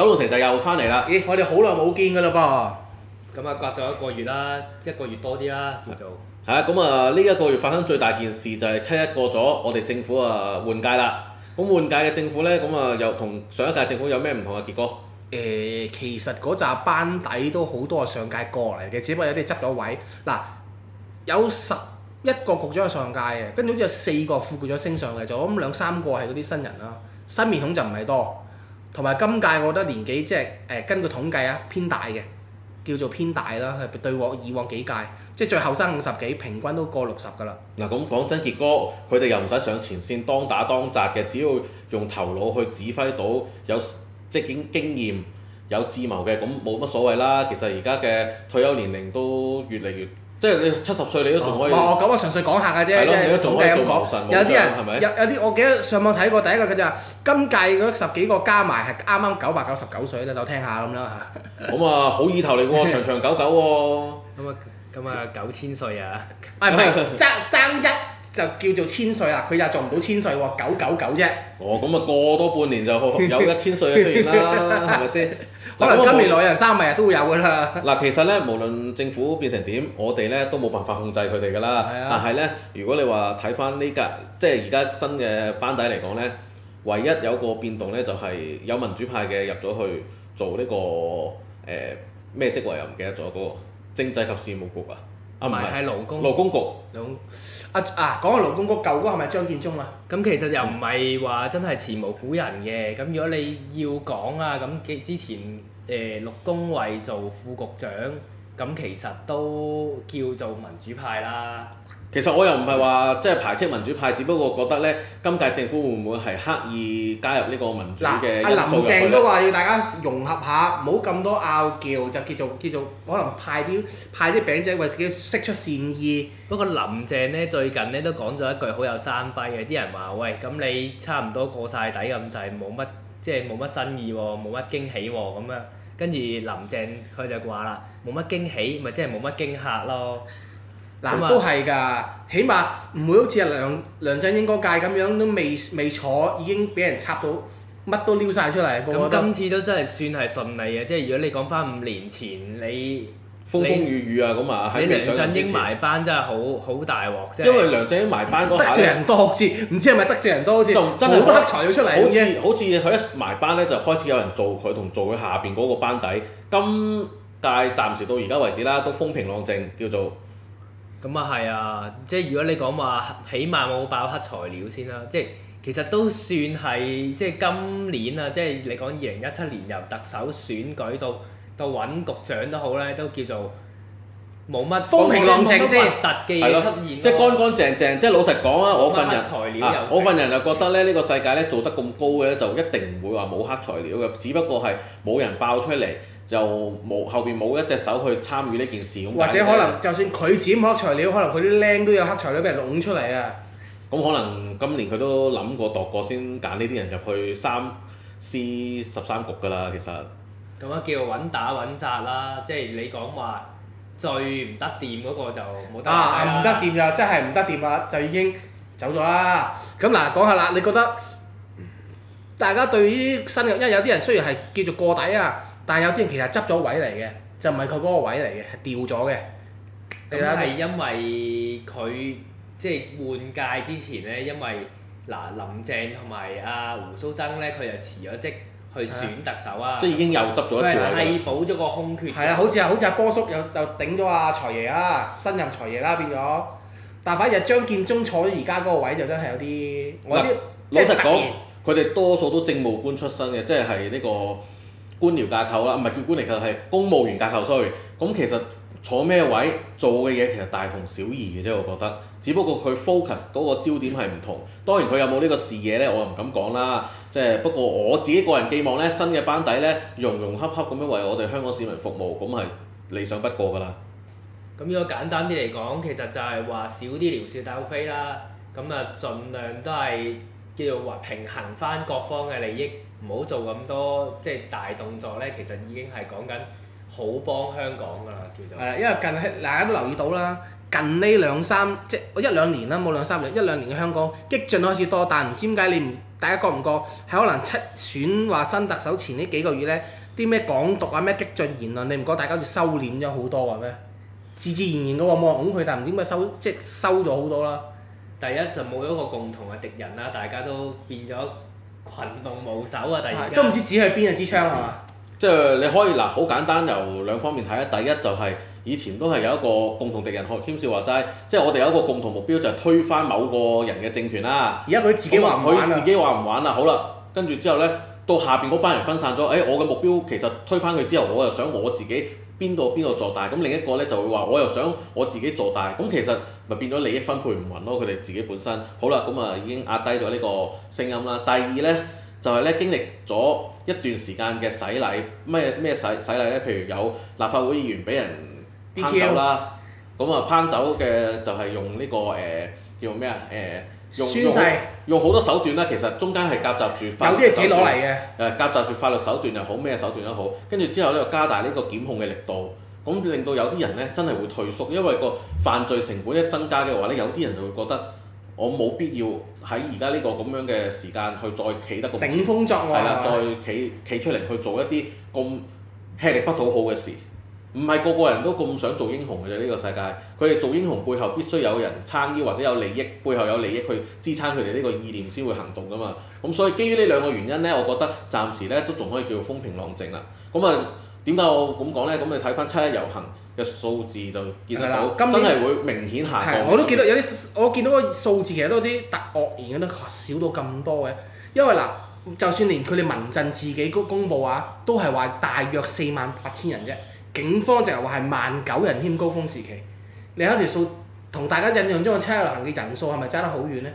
九龍城就又翻嚟啦！咦，我哋好耐冇見㗎啦噃，咁啊隔咗一個月啦，一個月多啲啦，叫做係啊！咁啊，呢一個月發生最大件事就係七一過咗，我哋政府啊換屆啦。咁換屆嘅政府呢，咁啊又同上一屆政府有咩唔同嘅結果？誒，其實嗰紮班底都好多係上屆過嚟嘅，只不過有啲執咗位嗱，有十一個局長係上屆嘅，跟住好似有四個副局長升上嚟，就咁兩三個係嗰啲新人啦，新面孔就唔係多。同埋今屆我覺得年紀，即係誒，根據統計啊，偏大嘅叫做偏大啦，對往以往幾屆，即係最後生五十幾，平均都過六十㗎啦。嗱，咁講真傑哥，佢哋又唔使上前線當打當擲嘅，只要用頭腦去指揮到有即係經經驗、有智謀嘅，咁冇乜所謂啦。其實而家嘅退休年齡都越嚟越～即係你七十歲，你都仲可以。哦，係，咁我純粹講下嘅啫，對即係是你仲可以，咁有啲人有有啲，有我記得上網睇過第一個佢就話今屆嗰十幾個加埋係啱啱九百九十九歲咧，就聽下咁樣嚇。咁啊，好意頭嚟嘅喎，長長久久喎。咁啊， 咁啊，九千歲啊！唔係唔係，爭爭一就叫做千歲啦。佢又做唔到千歲喎，九九九啫。哦，咁啊，過多半年就有一千歲嘅，出現啦，係咪先？可能今年來人三咪都會有噶啦。嗱，其實咧，無論政府變成點，我哋咧都冇辦法控制佢哋噶啦。是啊、但係咧，如果你話睇翻呢間，即係而家新嘅班底嚟講咧，唯一有一個變動咧，就係、是、有民主派嘅入咗去做呢、這個誒咩職位，又唔記得咗嗰個政制及事務局啊。唔係係勞工勞工局。勞工啊啊！講下勞工局，舊嗰係咪張建宗啊？咁其實又唔係話真係前無古人嘅。咁如果你要講啊，咁嘅之前。誒、呃、陸公為做副局長，咁其實都叫做民主派啦。其實我又唔係話即係排斥民主派，只不過覺得咧，今屆政府會唔會係刻意加入呢個民主嘅因素入去？嗱，阿、啊、林鄭都話要大家融合下，唔好咁多拗撬，就叫做叫做可能派啲派啲餅仔，為自己釋出善意。不過林鄭咧最近咧都講咗一句好有生輝嘅，啲人話：喂，咁你差唔多過晒底咁滯，冇乜即係冇乜新意喎，冇乜驚喜喎，咁樣。跟住林鄭佢就話啦，冇乜驚喜，咪即係冇乜驚嚇咯。嗱啦麼都係㗎，起碼唔會好似梁梁振英嗰屆咁樣，都未未坐已經俾人插到乜都撩晒出嚟。咁麼今次都真係算係順利嘅，即係如果你講返五年前你。風風雨雨啊，咁啊喺梁振英埋班真係好好大鑊啫。因為梁振英埋班嗰下，得罪人多好似，唔知係咪得罪人多好似，真係好多黑材料出嚟。好似好似佢一埋班咧，就開始有人做佢同做佢下邊嗰個班底。今但係暫時到而家為止啦，都風平浪靜，叫做。咁啊係啊，即係如果你講話，起碼冇爆黑材料先啦。即係其實都算係，即係今年啊，即係你講二零一七年由特首選舉到。就揾局長都好咧，都叫做冇乜風平浪靜先突嘅嘢出現，即係乾乾淨淨。即係老實講啊，我份人我份人就覺得咧，呢個世界咧，做得咁高嘅咧，就一定唔會話冇黑材料嘅，只不過係冇人爆出嚟，就冇後邊冇一隻手去參與呢件事咁。或者可能就算佢剪黑材料，可能佢啲靚都有黑材料俾人弄出嚟啊！咁可能今年佢都諗過度過先揀呢啲人入去三 C 十三局㗎啦，其實。咁樣叫做穩打穩紮啦，即係你講話最唔得掂嗰個就冇得掂啊，唔得掂就即係唔得掂啦，就已經走咗啦。咁嗱、嗯，講下啦，你覺得大家對於新嘅，因為有啲人雖然係叫做過底啊，但係有啲人其實執咗位嚟嘅，就唔係佢嗰個位嚟嘅，係掉咗嘅。咁係、就是、因為佢即係換屆之前咧，因為嗱林鄭同埋阿胡鬚曾咧，佢又辭咗職。去選特首啊！嗯、即係已經又執咗一次位，係補咗個空缺。係啊，好似啊，好似阿波叔又又頂咗阿、啊、財爺啊，新任財爺啦、啊，變咗。但反而張建宗坐咗而家嗰個位就真係有啲，我啲老實講，佢哋多數都政務官出身嘅，即係係呢個官僚架構啦，唔係叫官僚架構，係公務員架構 Sorry，咁其實。坐咩位做嘅嘢其實大同小異嘅啫，我覺得。只不過佢 focus 嗰個焦點係唔同。當然佢有冇呢個視野呢，我又唔敢講啦。即係，不過我自己個人寄望呢，新嘅班底呢，融融洽洽咁樣為我哋香港市民服務，咁係理想不過㗎啦。咁如果簡單啲嚟講，其實就係話少啲撩是鬥非啦。咁啊，儘量都係叫做話平衡返各方嘅利益，唔好做咁多即係大動作呢。其實已經係講緊。好幫香港㗎啦，叫做。係啊，因為近期，大家都留意到啦。近呢兩三即一兩年啦，冇兩三年，一兩年嘅香港激進開始多，但唔知點解你唔大家覺唔覺，係可能七選話新特首前呢幾個月呢，啲咩港獨啊、咩激進言論，你唔覺大家好似收斂咗好多話咩？自自然然嘅話冇人擁佢，但唔知點解收即係收咗好多啦。第一就冇咗個共同嘅敵人啦，大家都變咗群龍無首啊。第二都唔知指去邊一支槍係嘛？即係你可以嗱，好簡單由兩方面睇啊。第一就係以前都係有一個共同敵人，學謙少話齋，即係我哋有一個共同目標，就係推翻某個人嘅政權啦。而家佢自己話唔玩啦，佢自己話唔玩啦。好啦，跟住之後咧，到下邊嗰班人分散咗，誒、哎，我嘅目標其實推翻佢之後，我又想我自己邊度邊度做大。咁另一個咧就會話，我又想我自己做大。咁其實咪變咗利益分配唔均咯？佢哋自己本身好啦，咁啊已經壓低咗呢個聲音啦。第二咧。就係咧，經歷咗一段時間嘅洗禮，咩咩洗洗禮咧？譬如有立法會議員俾人烹酒啦，咁啊烹酒嘅就係用呢、這個誒、呃、叫做咩啊誒，用世用好多手段啦。其實中間係夾雜住有啲係自己攞嚟嘅。誒，夾雜住法律手段又、呃、好，咩手段都好。跟住之後咧，加大呢個檢控嘅力度，咁令到有啲人咧真係會退縮，因為個犯罪成本一增加嘅話咧，有啲人就會覺得。我冇必要喺而家呢個咁樣嘅時間去再企得咁，係啦，再企企出嚟去做一啲咁吃力不討好嘅事，唔係個個人都咁想做英雄嘅啫。呢個世界，佢哋做英雄背後必須有人撐腰或者有利益，背後有利益去支撐佢哋呢個意念先會行動噶嘛。咁所以基於呢兩個原因呢，我覺得暫時呢都仲可以叫做風平浪靜啦。咁啊，點解我咁講呢？咁你睇翻七一遊行。嘅數字就見得到，今年真係會明顯下降。我都見到有啲，我見到個數字其實都有啲特愕然，咁樣少到咁多嘅。因為嗱，就算連佢哋民陣自己公公佈啊，都係話大約四萬八千人啫。警方就係話係萬九人，添高峰時期。另一條數，同大家印象中嘅七一遊行嘅人數係咪差得好遠呢？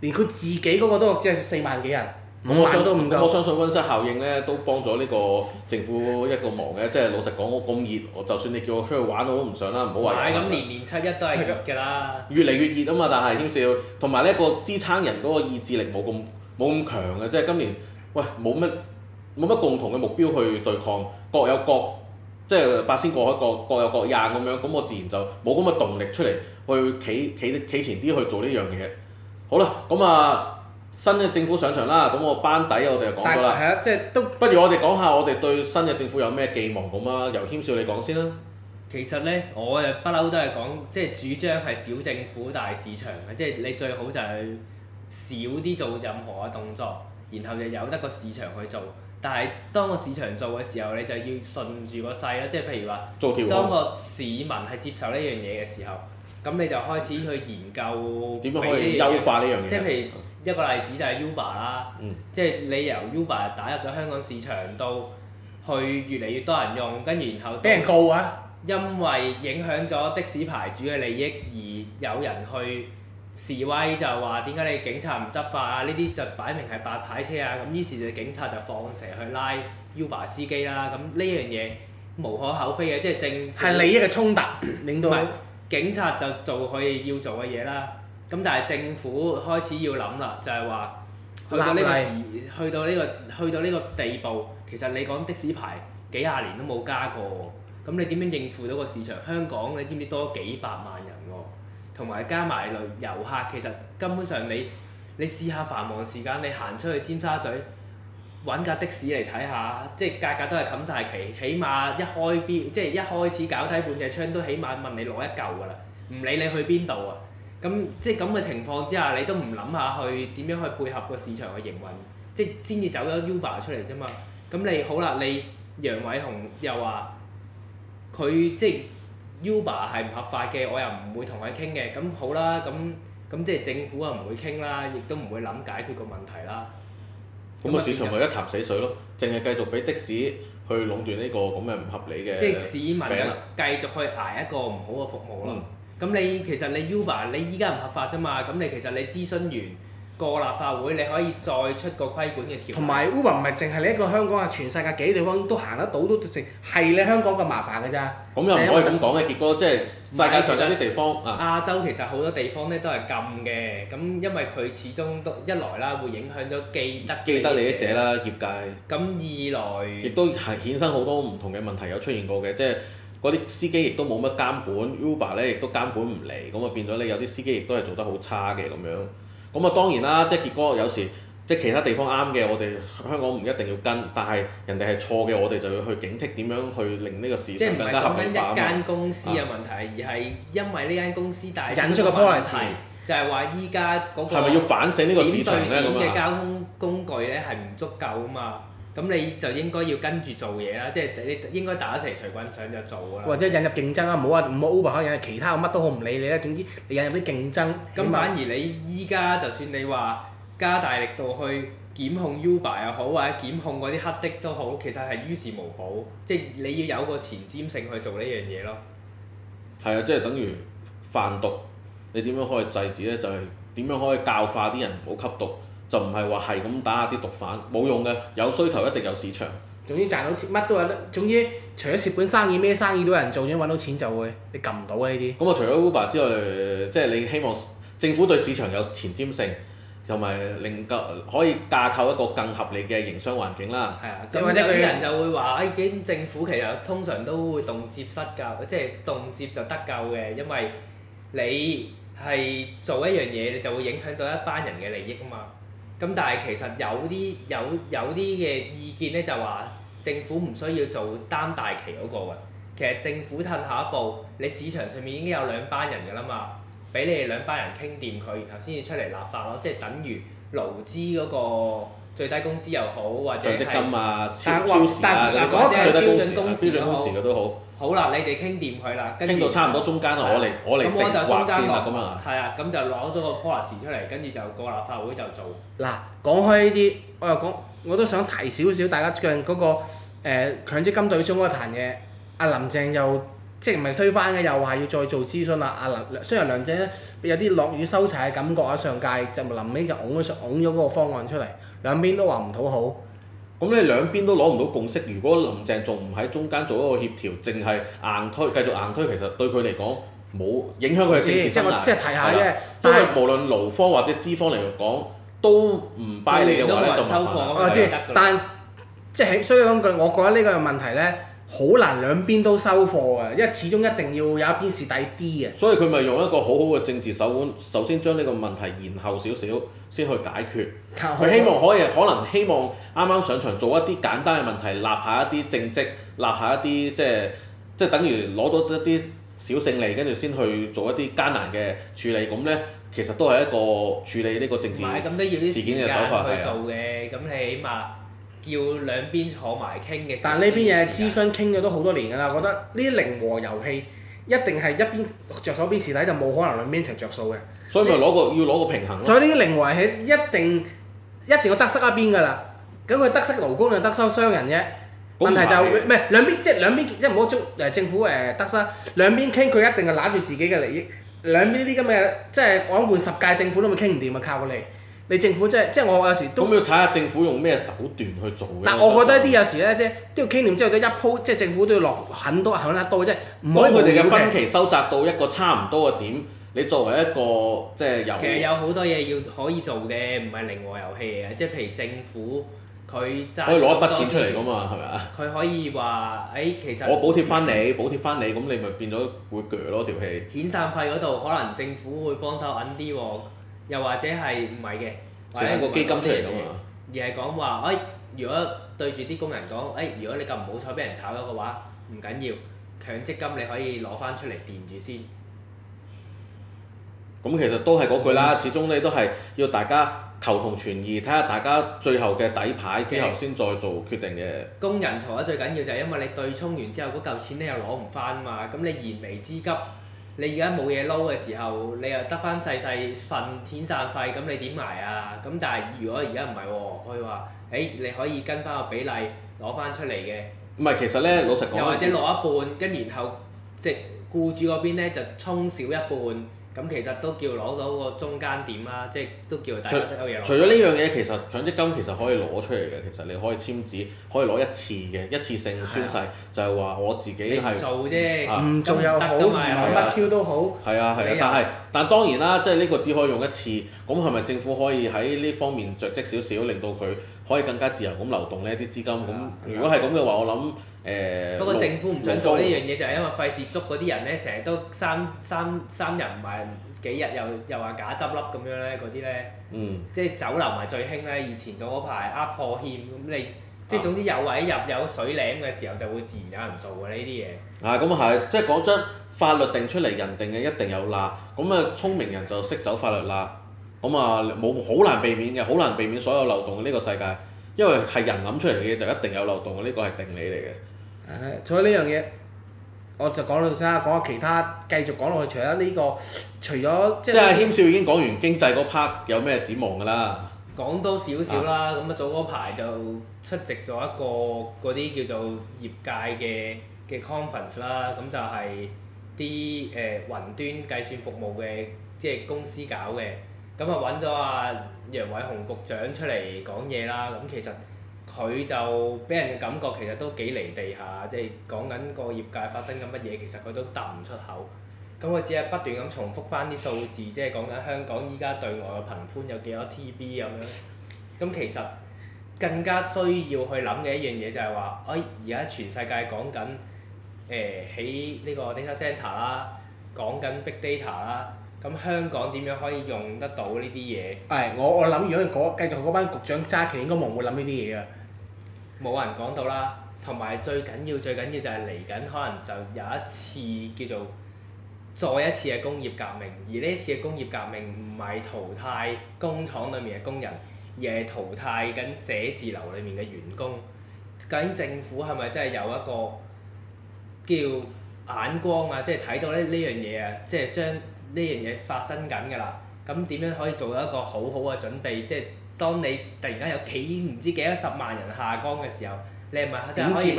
連佢自己嗰個都只係四萬幾人。咁我相信，咁溫室效應咧都幫咗呢個政府一個忙嘅，即係老實講，我咁熱，我就算你叫我出去玩我都唔想啦，唔好話。係咁，年年七一都係熱㗎啦。越嚟越熱啊嘛！但係，同少，同埋呢個支撐人嗰個意志力冇咁冇咁強嘅，即係今年喂冇乜冇乜共同嘅目標去對抗，各有各即係八仙過海各各，各有各廿咁樣，咁我自然就冇咁嘅動力出嚟去企企前啲去做呢樣嘢。好啦，咁啊。新嘅政府上場啦，咁我班底我哋就講咗啦。係啊，即係都不如我哋講下，我哋對新嘅政府有咩寄望咁啊？由謙少你講先啦。其實咧，我誒不嬲都係講，即係主張係小政府大市場嘅，即係你最好就係少啲做任何嘅動作，然後就有得個市場去做。但係當個市場做嘅時候，你就要順住個勢啦，即係譬如話，做結當個市民係接受呢樣嘢嘅時候，咁你就開始去研究點樣可以優化呢樣嘢。即係譬如。一個例子就係 Uber 啦，即係你由 Uber 打入咗香港市場度，去越嚟越多人用，跟住然後俾人告啊！因為影響咗的士牌主嘅利益，而有人去示威，就話點解你警察唔執法啊？呢啲就擺明係白牌車啊！咁於是就警察就放蛇去拉 Uber 司機啦。咁呢樣嘢無可厚非嘅，即係正係利益嘅衝突，令到警察就做佢要做嘅嘢啦。咁但係政府開始要諗啦，就係話去到呢個時，去到呢個去到呢個地步，其實你講的士牌幾廿年都冇加過，咁你點樣應付到個市場？香港你知唔知多幾百萬人喎？同埋加埋遊客，其實根本上你你試下繁忙時間，你行出去尖沙咀揾架的士嚟睇下，即係價格都係冚晒旗，起碼一開邊即係一開始搞低半隻窗都起碼問你攞一嚿㗎啦，唔理你去邊度啊！咁即係咁嘅情況之下，你都唔諗下去點樣去配合個市場嘅營運，即係先至走咗 Uber 出嚟啫嘛。咁你好啦，你楊偉雄又話佢即係 Uber 係唔合法嘅，我又唔會同佢傾嘅。咁好啦，咁咁即係政府啊，唔會傾啦，亦都唔會諗解決個問題啦。咁個市場咪一潭死水咯，淨係繼續俾的士去壟斷呢個咁嘅唔合理嘅。即係市民繼續去挨一個唔好嘅服務咯。嗯咁你其實你 Uber 你依家唔合法啫嘛，咁你其實你諮詢完個立法會，你可以再出個規管嘅條文。同埋 Uber 唔係淨係你一個香港啊，全世界幾地方都行得到都得食，係你香港咁麻煩㗎咋？咁又唔可以咁講嘅，結果即係世界上有啲地方啊。是亞洲其實好多地方咧都係禁嘅，咁因為佢始終都一來啦，會影響咗既得既得利益者啦，業界。咁二來。亦都係衍生好多唔同嘅問題有出現過嘅，即係。嗰啲司機亦都冇乜監管，Uber 咧亦都監管唔嚟，咁啊變咗咧有啲司機亦都係做得好差嘅咁樣。咁啊當然啦，即係結果有時即係其他地方啱嘅，我哋香港唔一定要跟，但係人哋係錯嘅，我哋就要去警惕點樣去令呢個市場更加合理化啊嘛。唔係講緊一間公司嘅問題，是而係因為呢間公司帶引出、個 policy，就係話依家嗰個市場呢點對點嘅交通工具咧係唔足夠啊嘛。咁你就應該要跟住做嘢啦，即係你應該打蛇隨棍上就做啦。或者引入競爭啦，唔好話唔好 Uber 可引入其他我乜都好唔理你啦，總之你引入啲競爭。咁反而你依家就算你話加大力度去檢控 Uber 又好，或者檢控嗰啲黑的都好，其實係於事無補，即係你要有個前瞻性去做呢樣嘢咯。係啊、嗯，即係等於販毒，你點樣可以制止咧？就係點樣可以教化啲人唔好吸毒？就唔係話係咁打下啲毒販冇用嘅，有需求一定有市場。總之賺到錢乜都有得，總之除咗蝕本生意咩生意都有人做，想揾到錢就會你撳唔到呢啲咁啊，些嗯、除咗 Uber 之外，即係你希望政府對市場有前瞻性，同埋令到可以架構一個更合理嘅營商環境啦。係啊，咁或者啲人就會話，誒、哎，政府其實通常都會動輒失教，即係動輒就得救嘅，因為你係做一樣嘢，你就會影響到一班人嘅利益啊嘛。咁但係其實有啲有有啲嘅意見咧，就話政府唔需要做擔大旗嗰、嗰個嘅。其實政府褪下一步，你市場上面已經有兩班人㗎啦嘛，俾你哋兩班人傾掂佢，然後先至出嚟立法咯。即係等於勞資嗰個最低工資又好，或者強積金啊、超時啊、那個，你講標準工時都好。好啦，你哋傾掂佢啦，傾到差唔多中間我嚟我嚟定畫線啦，咁、嗯、樣啊，係啊，咁就攞咗個 plus 出嚟，跟住就過立法會就做。嗱，講開呢啲，我又講，我都想提少少，大家最近嗰個誒、呃、強積金對沖嗰壇嘢。阿林鄭又即係唔係推翻嘅，又話要再做諮詢啦。阿梁雖然梁振咧有啲落雨收柴嘅感覺啊，上屆就臨尾就㧬咗上㧬咗嗰個方案出嚟，兩邊都話唔討好。咁你兩邊都攞唔到共識，如果林鄭仲唔喺中間做一個協調，淨係硬推，繼續硬推，其實對佢嚟講冇影響佢嘅政治生涯。即係我即係提下啫，的是因為無論勞方或者資方嚟講，都唔拜你嘅話咧，就麻煩。我知，但即係起，所以講句，我覺得呢個問題咧。好難兩邊都收貨嘅，因為始終一定要有一邊蝕底啲嘅。所以佢咪用一個好好嘅政治手腕，首先將呢個問題延後少少，先去解決。佢 希望可以可能希望啱啱上場做一啲簡單嘅問題，立下一啲政績，立下一啲即係即係等於攞到一啲小勝利，跟住先去做一啲艱難嘅處理。咁呢，其實都係一個處理呢個政治事件嘅手法去做嘅。咁你的起碼。要兩邊坐埋傾嘅，但係呢邊嘢諮詢傾咗都好多年㗎啦， 覺得呢啲零和遊戲一定係一邊着數，邊蝕底就冇可能兩邊一齊着數嘅，所以咪攞個要攞個平衡咯。所以呢啲零和遊戲一定一定要得失一邊㗎啦，咁佢得失勞工就得失商人啫。平問題就唔、是、係兩邊，即、就、係、是、兩邊即係唔好捉誒、呃、政府誒得失，兩邊傾，佢一定係揦住自己嘅利益，兩邊呢啲咁嘅即係講換十屆政府都咪傾唔掂啊，靠你。你政府即係即係我有時都要睇下政府用咩手段去做嘅。但我，我覺得啲有時咧，即係都要傾掂之後都一鋪，即係政府都要落很，很多很多很多嘅，即係唔可以，佢哋嘅分歧收窄到一個差唔多嘅點，你作為一個即係遊戲其實有好多嘢要可以做嘅，唔係零和遊戲嘅，即係譬如政府佢可以攞一筆錢出嚟㗎嘛，係咪啊？佢可以話誒、哎，其實我補貼翻你，你，補貼翻你，咁你咪變咗會鋸咯條氣。遣、那個、散費嗰度可能政府會幫手揾啲喎。又或者係唔係嘅，一個基金出嚟而係講話誒，如果對住啲工人講誒、哎，如果你咁唔好彩俾人炒咗嘅話，唔緊要，強積金你可以攞翻出嚟墊住先。咁其實都係嗰句啦，嗯、始終你都係要大家求同存異，睇下大家最後嘅底牌之後先再做決定嘅。工人嘈得最緊要就係因為你對沖完之後嗰嚿錢又你又攞唔翻嘛，咁你燃眉之急。你而家冇嘢撈嘅時候，你又得翻細細份遣散費，咁你點捱啊？咁但係如果而家唔係喎，佢話，誒、欸、你可以跟翻個比例攞翻出嚟嘅。唔係，其實咧，老實講。又或者攞一半，跟、嗯、然後即係僱主嗰邊咧就沖少一半。咁其實都叫攞到個中間點啦，即係都叫大家有嘢攞。除咗呢樣嘢，其實強積金其實可以攞出嚟嘅，其實你可以簽紙，可以攞一次嘅一次性宣誓，啊、就係話我自己係做啫，唔做又好乜 Q 都好。係啊係啊，但係但係當然啦，即係呢個只可以用一次。咁係咪政府可以喺呢方面着跡少少，令到佢？可以更加自由咁流動呢啲資金，咁、嗯、如果係咁嘅話，我諗誒。不、呃、過政府唔想做呢樣嘢，就係、嗯、因為費事捉嗰啲人咧，成日都三三三日唔係幾日又又話假執笠咁樣咧，嗰啲咧。即係酒樓唔係最興咧，以前仲嗰排呃破欠咁你，即係總之有位入有，有水拎嘅時候就會自然有人做嘅呢啲嘢。啊，咁啊係，即係講真，法律定出嚟人定嘅一定有罅，咁啊聰明人就識走法律罅。咁啊，冇好難避免嘅，好難避免所有漏洞嘅呢個世界，因為係人諗出嚟嘅嘢就一定有漏洞，呢個係定理嚟嘅，誒。除咗呢樣嘢，我就講到先啦，講下其他，繼續講落去。除咗呢個，除咗即係。即係軒是少已經講完經濟嗰 part 有咩展望㗎啦。講、嗯、多少少啦，咁啊早嗰排就出席咗一個嗰啲叫做業界嘅嘅 conference 啦，咁就係啲誒雲端計算服務嘅即係公司搞嘅。咁啊，揾咗阿楊偉雄局長出嚟講嘢啦，咁其實佢就俾人嘅感覺其實都幾離地下，即係講緊個業界發生緊乜嘢，其實佢都答唔出口。咁佢只係不斷咁重複翻啲數字，即係講緊香港依家對外嘅頻寬有幾多 TB 咁樣。咁其實更加需要去諗嘅一樣嘢就係話，哎而家全世界講緊誒喺呢個 data center 啦，講緊 big data 啦。咁香港點樣可以用得到呢啲嘢？係我我諗，如果嗰繼續嗰班局長揸旗，應該冇會諗呢啲嘢啊！冇人講到啦，同埋最緊要最緊要就係嚟緊，可能就有一次叫做再一次嘅工業革命，而呢一次嘅工業革命唔係淘汰工廠裡面嘅工人，而係淘汰緊寫字樓裡面嘅員工。究竟政府係咪真係有一個叫眼光啊？即係睇到呢呢樣嘢啊！即係將呢樣嘢發生緊㗎啦，咁點樣可以做到一個好好嘅準備？即係當你突然間有幾唔知幾多十萬人下崗嘅時候，你係咪可以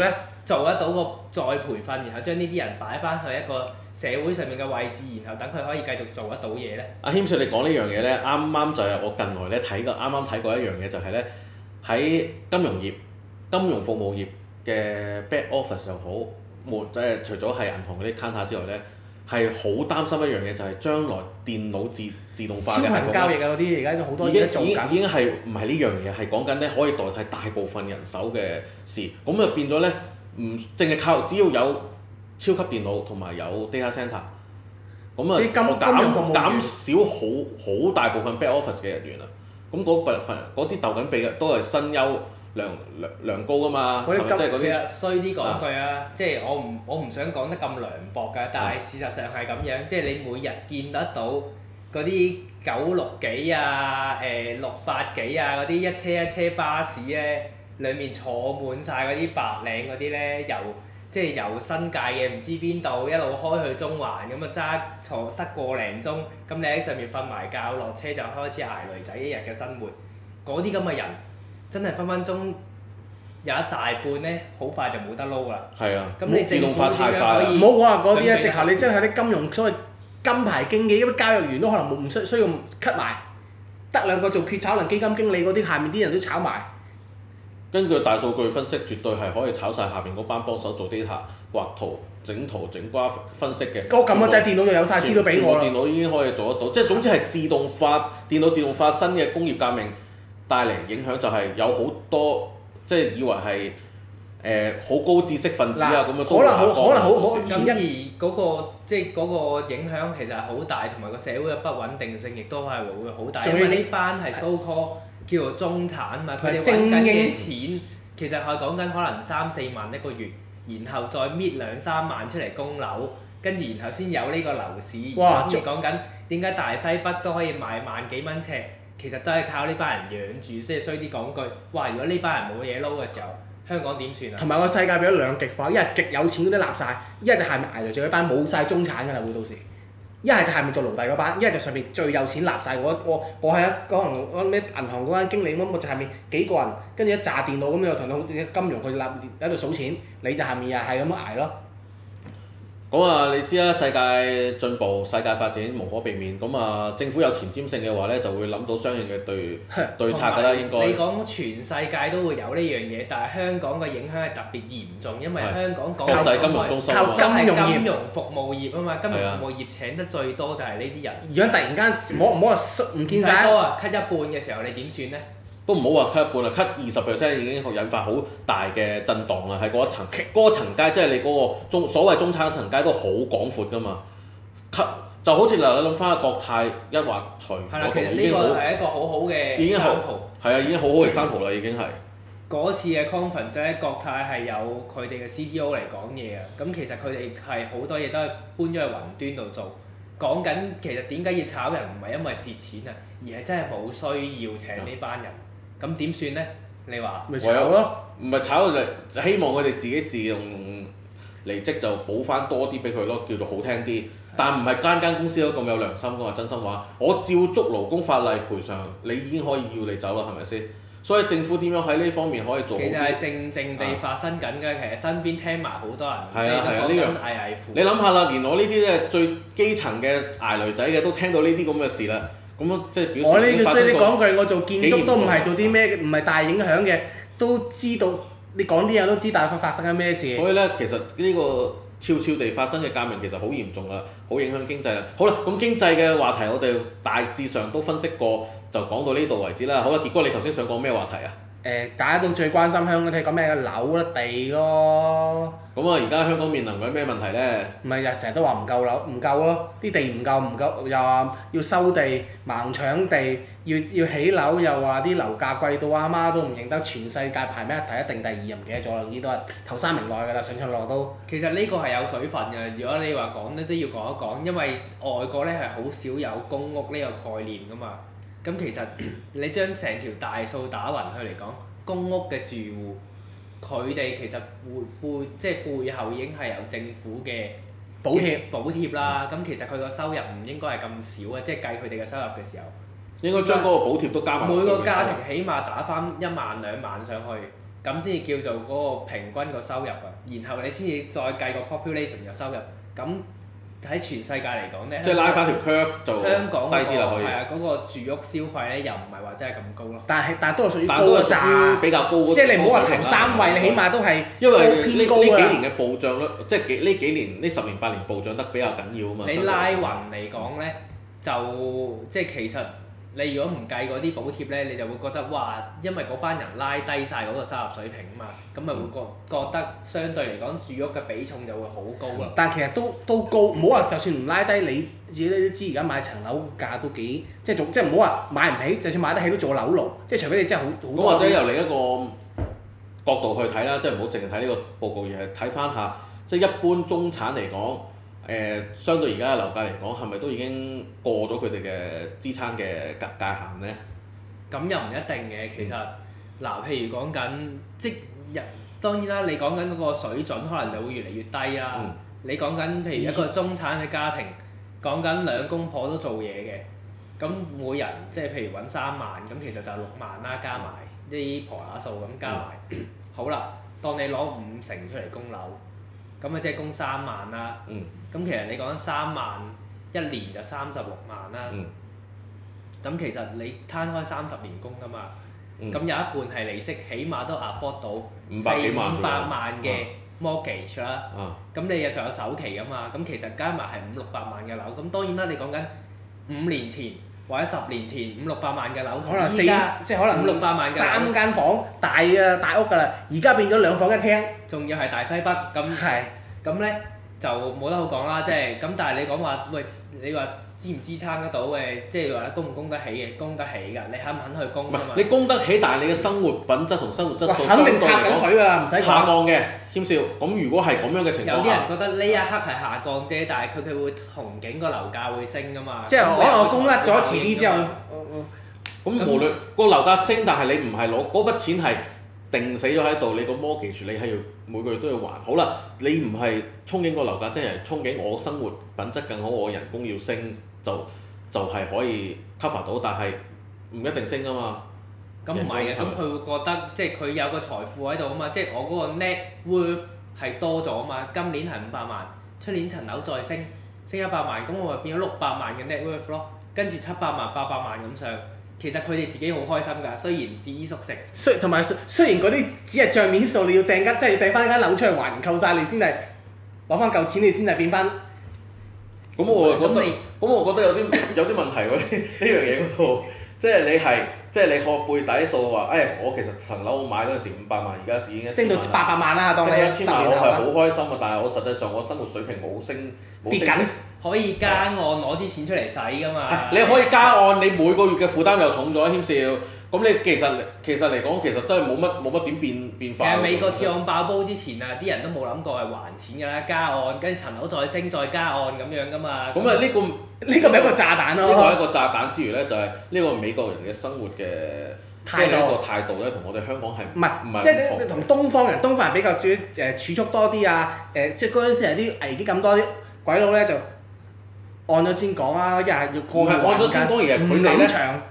做得到個再培訓，然後將呢啲人擺翻去一個社會上面嘅位置，然後等佢可以繼續做得到嘢呢？阿軒少，你講呢樣嘢呢？啱啱就係我近來呢睇過啱啱睇過一樣嘢，就係呢：喺金融業、金融服務業嘅 back office 又好，冇即係除咗係銀行嗰啲 counter 之外呢。係好擔心一樣嘢，就係、是、將來電腦自自動化嘅交易嗰啲而家好多而家已經係唔係呢樣嘢？係講緊咧可以代替大部分人手嘅事，咁就變咗咧唔淨係靠，只要有超級電腦同埋有 data centre，咁啊減減少好好大部分 back office 嘅人員啊，咁嗰部分嗰啲鬥緊比嘅都係新優。涼涼高㗎嘛，即係嗰啲。衰啲講句啊，啊即係我唔我唔想講得咁涼薄㗎，但係事實上係咁樣，啊、即係你每日見得到嗰啲九六幾啊，誒六八幾啊嗰啲一車一車巴士咧，裡面坐滿晒嗰啲白領嗰啲咧，由即係由新界嘅唔知邊度一路開去中環，咁啊揸坐塞個零鐘，咁你喺上面瞓埋覺，落車就開始捱女仔一日嘅生活，嗰啲咁嘅人。真係分分鐘有一大半咧，好快就冇得撈啦。係啊，咁你政府點樣可以，自動化太快，唔好話嗰啲啊，直頭你真係啲金融，所謂金牌經紀，因為啲交易員都可能唔需需要 cut 埋，得兩個做決炒，可能基金經理嗰啲下面啲人都炒埋。根據大數據分析，絕對係可以炒晒下邊嗰班幫手做啲 data 畫圖、整圖、整瓜分析嘅。我撳個掣，電腦就有晒資料俾我啦。電腦已經可以做得到，即係總之係自動化、電腦自動化新嘅工業革命。帶嚟影響就係有好多，即係以為係誒好高知識分子啊，咁樣多攤好少錢，而嗰個即係嗰個影響其實係好大，同埋個社會嘅不穩定性亦都係會好大。這個、因為呢班係 so called 叫做中產嘛，佢哋揾緊嘅錢，其實係講緊可能三四萬一個月，然後再搣兩三萬出嚟供樓，跟住然後先有呢個樓市，而家先講緊點解大西北都可以賣萬幾蚊尺。其實都係靠呢班人養住，即係衰啲講句話，哇！如果呢班人冇嘢撈嘅時候，香港點算啊？同埋個世界變咗兩極化，一係極有錢嗰啲立晒，一係就下面捱住嗰班冇晒中產㗎啦，會到時。一係就下面做奴隸嗰班，一係就上面最有錢立晒。我我我係啊，可能我銀行嗰間經理咁，我就下面幾個人跟住一揸電腦咁樣同到啲金融佢立喺度數錢，你就下面又係咁樣捱咯。咁啊，你知啦，世界進步、世界發展無可避免。咁啊，政府有前瞻性嘅話咧，就會諗到相應嘅對對策㗎啦。 有應該你講全世界都會有呢樣嘢，但係香港嘅影響係特別嚴重，因為香港講緊嘅金融中心啊、金融服務業啊嘛，金融服務業請得最多就係呢啲人。的如果突然間唔好，啊、嗯，唔見曬多啊，cut 一半嘅時候，你點算咧？都唔好話 cut 一半啦，cut 二十 percent 已經引發好大嘅震盪啦，喺嗰一層，嗰一層階即係你嗰個中所謂中產層階都好廣闊噶嘛。cut 就好似嗱，你諗翻下國泰一滑除，係啦，其實呢個係一個好好嘅，已經好，係啊，已經好好嘅生號啦，已經係。嗰次嘅 conference 咧，國泰係有佢哋嘅 CTO 嚟講嘢啊。咁其實佢哋係好多嘢都係搬咗去雲端度做。講緊其實點解要炒人？唔係因為蝕錢啊，而係真係冇需要請呢班人。咁點算呢？你話咪炒咯？唔係炒就就希望佢哋自己自動、嗯、離職就補翻多啲俾佢咯，叫做好聽啲。的但唔係間間公司都咁有良心㗎嘛？真心話，我照足勞工法例賠償，你已經可以要你走啦，係咪先？所以政府點樣喺呢方面可以做？其實係靜靜地發生緊嘅。的其實身邊聽埋好多人，啊的，幾十蚊挨挨苦。你諗下啦，連我呢啲咧最基層嘅挨女仔嘅都聽到呢啲咁嘅事啦。咁即係表示我呢個所以你講句，我做建築都唔係做啲咩，唔係大影響嘅，都知道你講啲嘢我都知，但係發生緊咩事？所以咧，其實呢個悄悄地發生嘅革命其實好嚴重啦，好影響經濟啦。好啦，咁經濟嘅話題我哋大致上都分析過，就講到呢度為止啦。好啦，結果你頭先想講咩話題啊？誒、欸，大家都最關心香港你講咩樓啦，地咯。咁啊，而家、嗯、香港面臨緊咩問題咧？唔係日成日都話唔夠樓唔夠咯，啲地唔夠唔夠，又話要收地、盲搶地，要要起樓，又話啲樓價貴到阿媽，媽都唔認得，全世界排咩第一定第，第二，又唔記得咗呢啲都係頭三名內噶啦，上上落都。其實呢個係有水分嘅，如果你話講呢，都要講一講，因為外國咧係好少有公屋呢個概念噶嘛。咁其實你將成條大數打混打勻佢嚟講，公屋嘅住戶，佢哋其實背背即係背後已經係有政府嘅補貼補貼,補貼啦。咁、嗯、其實佢個收入唔應該係咁少啊！即係計佢哋嘅收入嘅時候，應該將嗰個補貼都加埋。每個家庭起碼打翻一萬兩萬上去，咁先至叫做嗰個平均個收入啊。然後你先至再計個 population 嘅收入咁。喺全世界嚟講咧，即係拉翻條 curve 就香港就低啲啦，嗰個、可以係啊，嗰、嗰個住屋消費咧又唔係話真係咁高咯。但係但係都係屬於高屬於比較高。炸即係你唔好話前三位，嗯、你起碼都係因為呢呢幾年嘅暴漲咯，即係幾呢幾年呢十年八年暴漲得比較緊要啊嘛。你拉勻嚟講咧，嗯、就即係其實。你如果唔計嗰啲補貼咧，你就會覺得哇，因為嗰班人拉低晒嗰個收入水平啊嘛，咁咪會覺覺得相對嚟講住屋嘅比重就會好高啊。但其實都都高，唔好話就算唔拉低你自己都知，而家買層樓價都幾，即係仲即係唔好話買唔起，就算買得起都做樓奴，即係除非你真係好好。咁或者由另一個角度去睇啦，即係唔好淨係睇呢個報告嘢，睇翻下即係一般中產嚟講。誒、嗯，相對而家嘅樓價嚟講，係咪都已經過咗佢哋嘅支撐嘅格價限咧？咁又唔一定嘅，其實嗱，譬、嗯、如講緊即係人，當然啦，你講緊嗰個水準，可能就會越嚟越低啦。嗯、你講緊譬如一個中產嘅家庭，講緊 兩公婆都做嘢嘅，咁每人即係譬如揾三萬，咁其實就六萬啦，嗯、婆婆加埋啲婆乸數咁加埋。嗯、好啦，當你攞五成出嚟供樓。咁咪即係供三萬啦，咁、嗯、其實你講緊三萬一年就三十六萬啦，咁、嗯、其實你攤開三十年供㗎嘛，咁、嗯、有一半係利息，起碼都 afford 到四五百萬嘅 mortgage 啦，咁、啊、你又仲有首期㗎嘛，咁其實加埋係五六百萬嘅樓，咁當然啦，你講緊五年前。或者十年前五六百萬嘅樓，可能四即係可能五六百萬嘅三間房大嘅大屋㗎啦，而家變咗兩房一廳，仲要係大西北，咁係，咁咧是。就冇得好講啦，即係咁。但係你講話，喂，你話支唔支撐得到嘅？即係話供唔供得起嘅？供得起㗎，你肯唔肯去供啊？唔係你供得起，但係你嘅生活品質同生活質素肯相對嚟講下降嘅，謙少。咁如果係咁樣嘅情況，嗯，有啲人覺得呢一刻係下降啫，但係佢佢會同景個樓價會升㗎嘛？即係是可能我供甩咗遲啲之後，咁無論個樓價升，但係你唔係攞嗰筆錢係。定死咗喺度，你個 mortgage 你係要每個月都要還。好啦，你唔係憧憬個樓價升，係憧憬我生活品質更好，我人工要升就就係可以 cover 到，但係唔一定升啊嘛。咁唔係嘅，咁佢會覺得即係佢有個財富喺度啊嘛，即係我嗰個 net worth 係多咗啊嘛。今年係五百萬，出年層樓再升升一百萬，咁我咪變咗六百萬嘅 net worth 咯，跟住七百萬、八百萬咁上。其實佢哋自己好開心㗎，雖然節衣縮食，雖同埋雖然嗰啲只係帳面數，你要訂間，即係要訂翻間樓出嚟還扣晒你先係攞翻嚿錢你，那我 你先係變翻。咁我覺得，咁你我覺得有啲 有啲問題喎，呢呢樣嘢嗰度，即係你係即係你學背底數話，誒、哎、我其實層樓我買嗰時五百萬，而家已經升到八百萬啦、啊。當你一千萬係好開心啊，但係我實際上我生活水平冇升，跌緊。可以加按，攞啲錢出嚟使㗎嘛？你可以加按，你每個月嘅負擔又重咗，謙少咁你其實其實嚟講，其實真係冇乜冇乜點變變化。其實美國次按爆煲之前啊，啲人都冇諗過係還錢㗎，加按跟住層樓再升再加按咁樣㗎嘛。咁啊呢個呢個咪一個炸彈咯。呢個一個炸彈之餘咧，就係呢個美國人嘅生活嘅態度，呢個態度咧，同我哋香港係唔係唔係唔同。同東方人，東方人比較注重誒儲蓄多啲啊，誒即係嗰陣時係啲危機咁多啲鬼佬咧就。按咗先講啊，一係要過按咗先，當然係，佢哋長。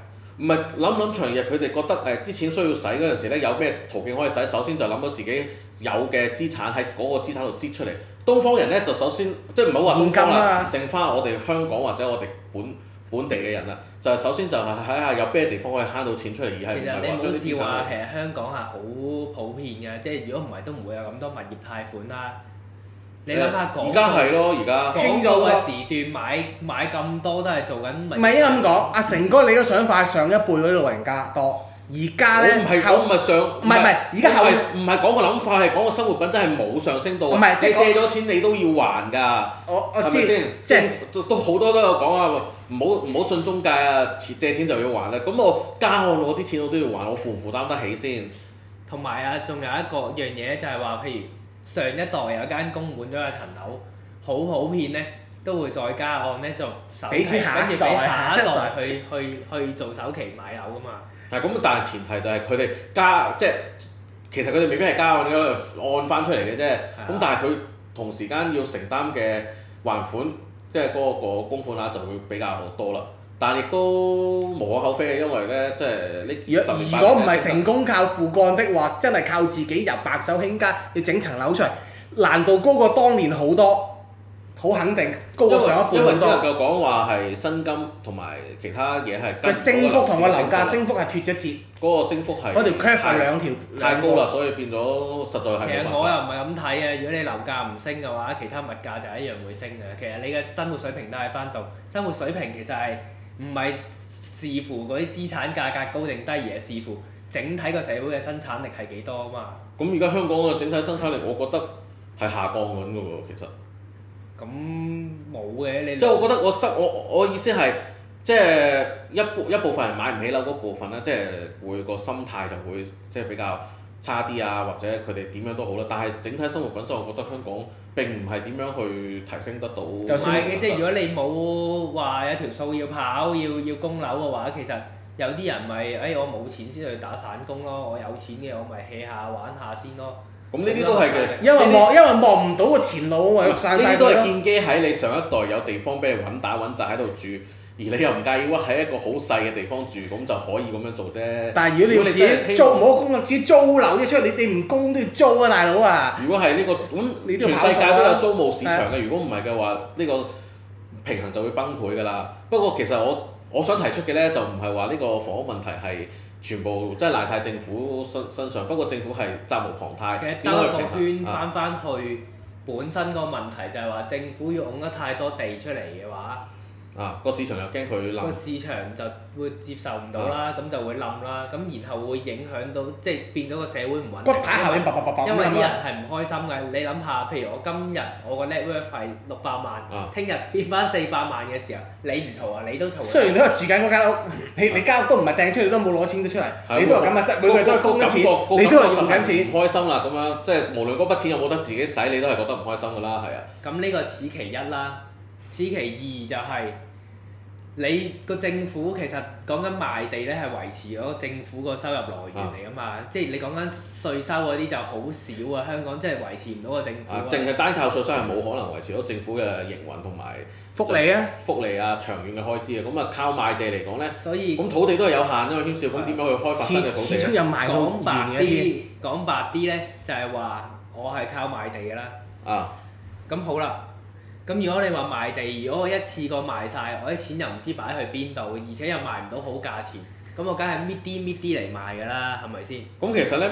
唔係諗諗長，而係佢哋覺得誒啲錢需要使嗰陣時咧，有咩途徑可以使？首先就諗到自己有嘅資產，喺嗰個資產度擠出嚟。東方人咧就首先即係唔好話東方，剩返我哋香港或者我哋本本地嘅人啦，就首先、啊、就係睇下有咩地方可以慳到錢出嚟，而係唔係話將啲資產，其實香港係好普遍嘅，即係如果唔係都唔會有咁多物業貸款啦。你諗下講，而家係咯，而家傾咗個時段買買咁多都係做緊。唔係應該咁講，阿成哥你嘅想法係上一輩嗰啲老人家多。而家咧，唔係講唔係上，唔係唔係。而家後，唔係講個諗法，係講個生活品質係冇上升到。唔係，你借咗錢你都要還㗎。我我知。係咪先？即係都好多都有講啊！唔好唔好信中介啊！借借錢就要還啦。咁我家我攞啲錢我都要還，我負負擔得起先。同埋啊，仲有一個樣嘢就係話，譬如。上一代有間供滿咗一層樓，好普遍咧，都會再加按咧做首期，跟住俾下一代去 去去，去做首期買樓噶嘛。係咁，但係前提就係佢哋加即係，其實佢哋未必係加按咗嚟按翻出嚟嘅啫。咁的但係佢同時間要承擔嘅還款，即係嗰個供款額，就會比較多啦。但亦都無可厚非嘅，因為咧，即係呢件。若如果唔係成功靠父幹的話，真係靠自己由白手興家，要整層樓出嚟，難度高過當年好多，好肯定高過上一半多因。因為因為只能夠講話係薪金同埋其他嘢係。個升幅同個樓價升幅係脫咗節。嗰個升幅係。嗰條 curve 兩條。太高啦，所以變咗實在係。其實我又唔係咁睇嘅，如果你樓價唔升嘅話，其他物價就一樣會升嘅。其實你嘅生活水平都係翻到生活水平其實係。唔係視乎嗰啲資產價格高定低，而係視乎整體個社會嘅生產力係幾多啊嘛。咁而家香港嘅整體生產力，我覺得係下降緊㗎喎，其實。咁冇嘅你。即係我覺得我失我我意思係，即係一部一部分人買唔起樓嗰部分咧，即係會個心態就會即係比較。差啲啊，或者佢哋點樣都好啦，但係整體生活品質，我覺得香港並唔係點樣去提升得到。就算係嘅，即係是如果你冇話有，有條數要跑，要要供樓嘅話，其實有啲人咪、就、誒、是哎、我冇錢先去打散工咯，我有錢嘅我咪起下玩下先咯。咁呢啲都係嘅，因為望些因為望唔到個前路啊嘛，曬曬。呢啲都係建基喺你上一代有地方俾你揾打揾紮喺度住。而你又唔介意喎？喺、嗯、一個好細嘅地方住，咁就可以咁樣做啫。但係如,如果你自己租唔好供啊，己租樓啫，樓出嚟你哋唔供都要租啊，大佬啊！如果係呢、呢個咁，嗯、你也全世界都有租務市場嘅。啊、如果唔係嘅話，呢、呢個平衡就會崩潰㗎啦。不過其實我我想提出嘅呢，就唔係話呢個房屋問題係全部即係賴晒政府身上。不過政府係責無旁貸。其實兜個圈翻翻、啊、去本身個問題就係話政府要用得太多地出嚟嘅話。啊！個市場又驚佢冧，個市場就會接受唔到啦，咁就會冧啦，咁然後會影響到，即係變咗個社會唔穩定。骨牌效應，百因為啲人係唔開心嘅，你諗下，譬如我今日我個 net worth 係六百萬，聽日變翻四百萬嘅時候，你唔嘈啊，你都嘈啊。雖然你話住緊嗰間屋，你你間屋都唔係掟出去，都冇攞錢出嚟，你都係咁啊！每每個月都係供緊錢，你都係用緊錢，唔開心啦！咁樣即係無論嗰筆錢有冇得自己使，你都係覺得唔開心㗎啦，係啊。咁呢個此其一啦，此其二就係。你個政府其實講緊賣地咧，係維持咗政府個收入來源嚟啊嘛，即係你講緊稅收嗰啲就好少啊。香港真係維持唔到個政府。淨係、啊、以單靠稅收係冇可能維持到政府嘅營運同埋福利啊！福利啊，長遠嘅開支啊，咁啊靠賣地嚟講咧。所以咁土地都係有限因為啊，軒少。咁點樣去開發新嘅土地？始始終有賣到啲。講白啲咧，就係話我係靠賣地㗎啦。啊。咁好啦。咁如果你話賣地，如果我一次過賣晒，我啲錢又唔知擺去邊度，而且又賣唔到好價錢，咁我梗係搣啲搣啲嚟賣㗎啦，係咪先？咁其實咧，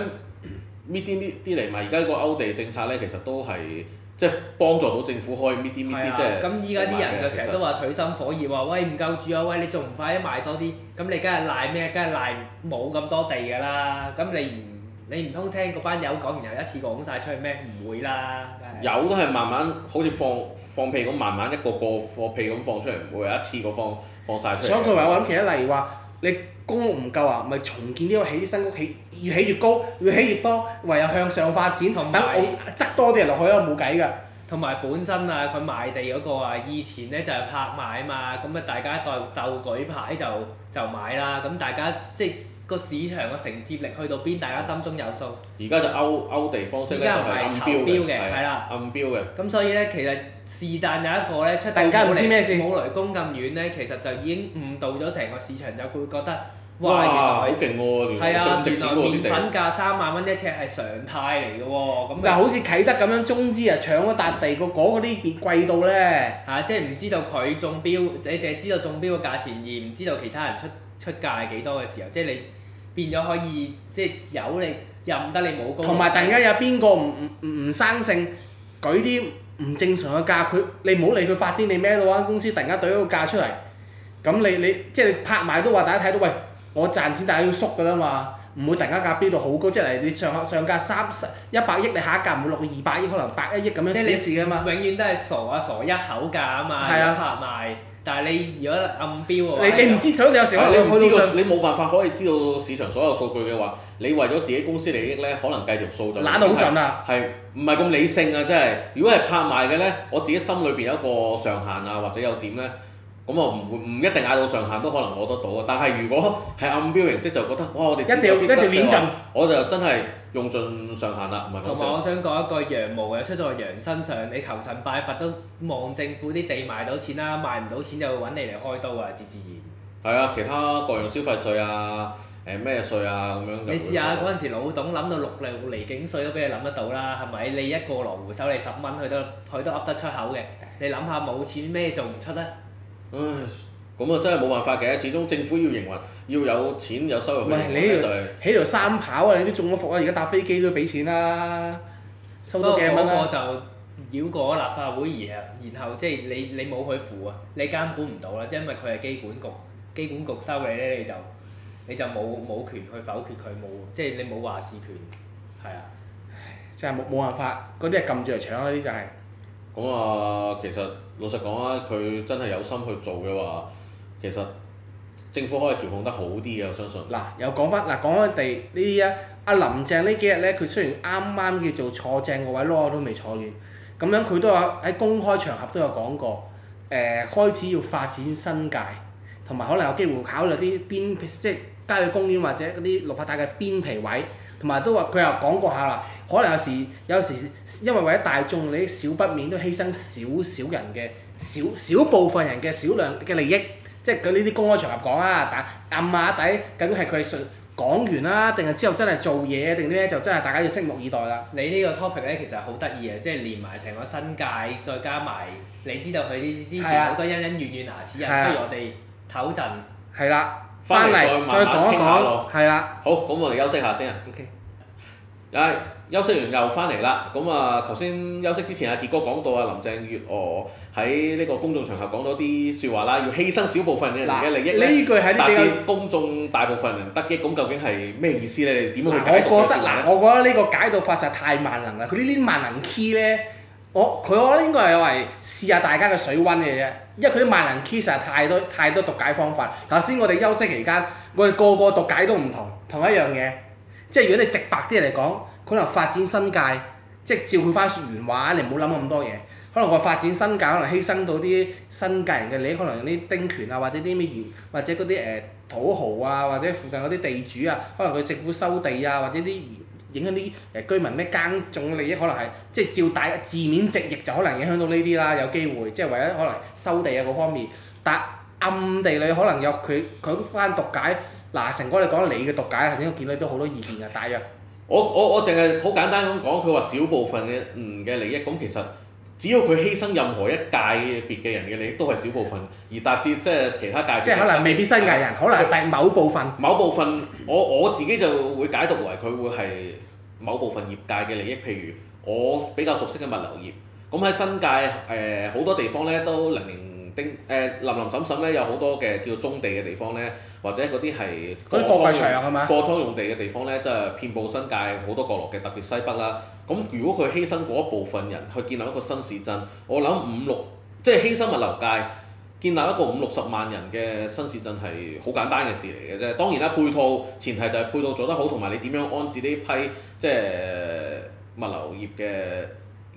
搣啲搣啲嚟賣，而家個勾地政策咧，其實都係即係幫助到政府可以搣啲搣啲，的即係是。咁依家啲人就成日都話取心火熱，話喂唔夠住啊，喂你仲唔快啲賣多啲？咁你梗係賴咩？梗係賴冇咁多地㗎啦。咁你唔你唔通聽嗰班友講，然後一次過㧬曬出去咩？唔會啦。有都係慢慢，好似放放屁咁，慢慢一個個放屁咁放出嚟，唔會有一次過放放曬出嚟。所以佢話我諗，其實例如話你供唔夠啊，咪重建呢個，起啲新屋，起越起越高，越起越多，唯有向上發展。同埋我擠多啲人落去咧，冇計㗎。同埋本身啊，佢賣地嗰個啊，以前咧就係拍賣啊嘛，咁啊大家一代鬥舉牌就就買啦，咁大家即。個市場個承接力去到邊，大家心中有數。而家就勾勾地方式而家就係暗標嘅，係啦，暗標嘅。咁所以咧，其實是但有一個咧出，大家唔知咩事。冇雷公咁遠咧，其實就已經誤導咗成個市場，就會覺得哇，好勁喎！原來仲值錢喎呢係啊，原來麪粉價三萬蚊一尺係常態嚟嘅喎。咁但係好似啟德咁樣，中資啊搶一笪地，個果嗰啲變貴到咧。係啊，即係唔知道佢中標，你淨係知道中標嘅價錢，而唔知道其他人出出價係幾多嘅時候，即係你。變咗可以即係有你任得你冇工。同埋突然間有邊個唔唔唔生性，舉啲唔正常嘅價，佢你唔好理佢發啲你咩咯，公司突然間對咗個價出嚟，咁你你即係拍賣都話大家睇到，喂，我賺錢，大家要縮噶啦嘛，唔會突然間價飆到好高，即係你上上價三十一百億，你下一價唔會落去二百億，可能百一億咁樣。即係你試㗎嘛？永遠都係傻啊傻一口價啊嘛，係呀，拍賣。但係你如果暗標喎，你你唔知，所以有時候你去到你冇辦法可以知道市場所有數據嘅話，你為咗自己公司利益咧，可能計條數就攬到好盡啊！係唔係咁理性啊？即係，如果係拍賣嘅咧，我自己心裏邊有一個上限啊，或者又點咧？咁我唔唔一定嗌到上限都可能攞得到啊！但係如果係暗標形式，就覺得哇，我哋一定要一定要面盡，我就真係用盡上限啦，同埋我想講一句，羊毛又出在羊身上，你求神拜佛都望政府啲地賣到錢啦，賣唔到錢就揾你嚟開刀啊，自自然。係啊，其他各樣消費稅啊，誒咩稅啊咁樣。你試下嗰陣時老董諗到陸路離境稅都俾你諗得到啦，係咪？你一個羅湖收你十蚊，佢都佢都噏得出口嘅。你諗下冇錢咩做唔出咧？唉，咁啊真係冇辦法嘅，始終政府要營運，要有錢有收入。唔係你呢度、就係、起條三跑啊！你都中咗伏啊！而家搭飛機都要俾錢啦、啊，收多幾蚊、啊、我，我就繞過立法會而，然後即係、即係、你你冇去扶啊，你監管唔到啦，因為佢係機管局，機管局收你咧你就你就冇冇權去否決佢冇，即係、即係、你冇話事權，係啊。唉，真係冇冇辦法，嗰啲係撳住嚟搶嗰、啊、啲就係、係。咁啊、嗯，其實老實講啊，佢真係有心去做嘅話，其實政府可以調控得好啲嘅，我相信。嗱，又講翻嗱，講翻地呢啲啊，阿林鄭呢幾日咧，佢雖然啱啱叫做坐正個位咯，都未坐完。咁樣佢都有喺公開場合都有講過，誒、呃、開始要發展新界，同埋可能有機會考慮啲邊即係郊野公園或者嗰啲綠化帶嘅邊皮位。同埋都話佢又講過下啦，可能有時有時因為為咗大眾，你小不免都犧牲少少人嘅少少部分人嘅少量嘅利益，即係佢呢啲公開場合講啊，但暗下底究竟係佢講完啦，定係之後真係做嘢，定啲咧就真係大家要拭目以待啦。你呢個 topic 咧其實好得意啊，即係連埋成個新界，再加埋你知道佢之前好多恩恩怨怨、牙齒人，不如我哋唞陣，係啦，翻嚟再講一講，係啦。好，咁我哋休息下先啊。OK。誒休息完又翻嚟啦，咁啊頭先休息之前，阿杰哥講到啊林鄭月娥喺呢個公眾場合講咗啲說話啦，要犧牲少部分人嘅利益，呢句喺呢個公眾大部分人得益，咁究竟係咩意思咧？你點去解我？我覺得嗱，我覺得呢個解讀法實太萬能啦，佢呢啲萬能 key 咧，我佢我覺得應該係為試下大家嘅水溫嘅啫，因為佢啲萬能 key 實在太多太多讀解方法。頭先我哋休息期間，我哋個個讀解都唔同，同一樣嘢。即係如果你直白啲嚟講，可能發展新界，即係照佢翻說原話，你唔好諗咁多嘢。可能我發展新界，可能犧牲到啲新界人嘅利益，可能用啲丁權啊，或者啲咩原，或者嗰啲誒土豪啊，或者附近嗰啲地主啊，可能佢政府收地啊，或者啲影響啲誒居民咩耕種利益，可能係即係照大字面直譯就可能影響到呢啲啦。有機會即係為咗可能收地啊嗰方面，但暗地裏可能有佢佢翻讀解。嗱，成哥，你講你嘅讀解，頭先我見到你都好多意見嘅，大約。我我我淨係好簡單咁講，佢話少部分嘅嗯嘅利益，咁其實只要佢犧牲任何一界別嘅人嘅利益，都係少部分，而達至即係其他界別即係可能未必新界人，那可能係第某部分。某部分我，我我自己就會解讀為佢會係某部分業界嘅利益，譬如我比較熟悉嘅物流業，咁喺新界誒好、呃、多地方咧都零零丁誒林林揾揾咧有好多嘅叫棕地嘅地方咧。或者嗰啲係貨倉用地嘅地方呢，即係遍佈新界好多角落嘅，特別西北啦。咁如果佢犧牲嗰一部分人去建立一個新市鎮，我諗五六即係犧牲物流界建立一個五六十萬人嘅新市鎮係好簡單嘅事嚟嘅啫。當然啦，配套前提就係配套做得好，同埋你點樣安置呢批即係物流業嘅。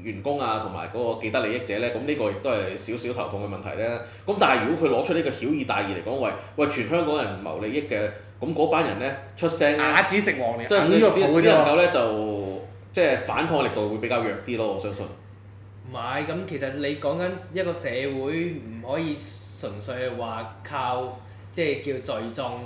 員工啊，同埋嗰個既得利益者咧，咁、這、呢個亦都係少少頭痛嘅問題咧。咁但係如果佢攞出呢個小義大義嚟講，為、為，全香港人謀利益嘅，咁嗰班人咧出聲、啊，啞子食黃連，即係呢個苦啲只能夠咧就即係反抗力度會比較弱啲咯，我相信。唔係，咁其實你講緊一個社會唔可以純粹係話靠即係、就是、叫聚眾，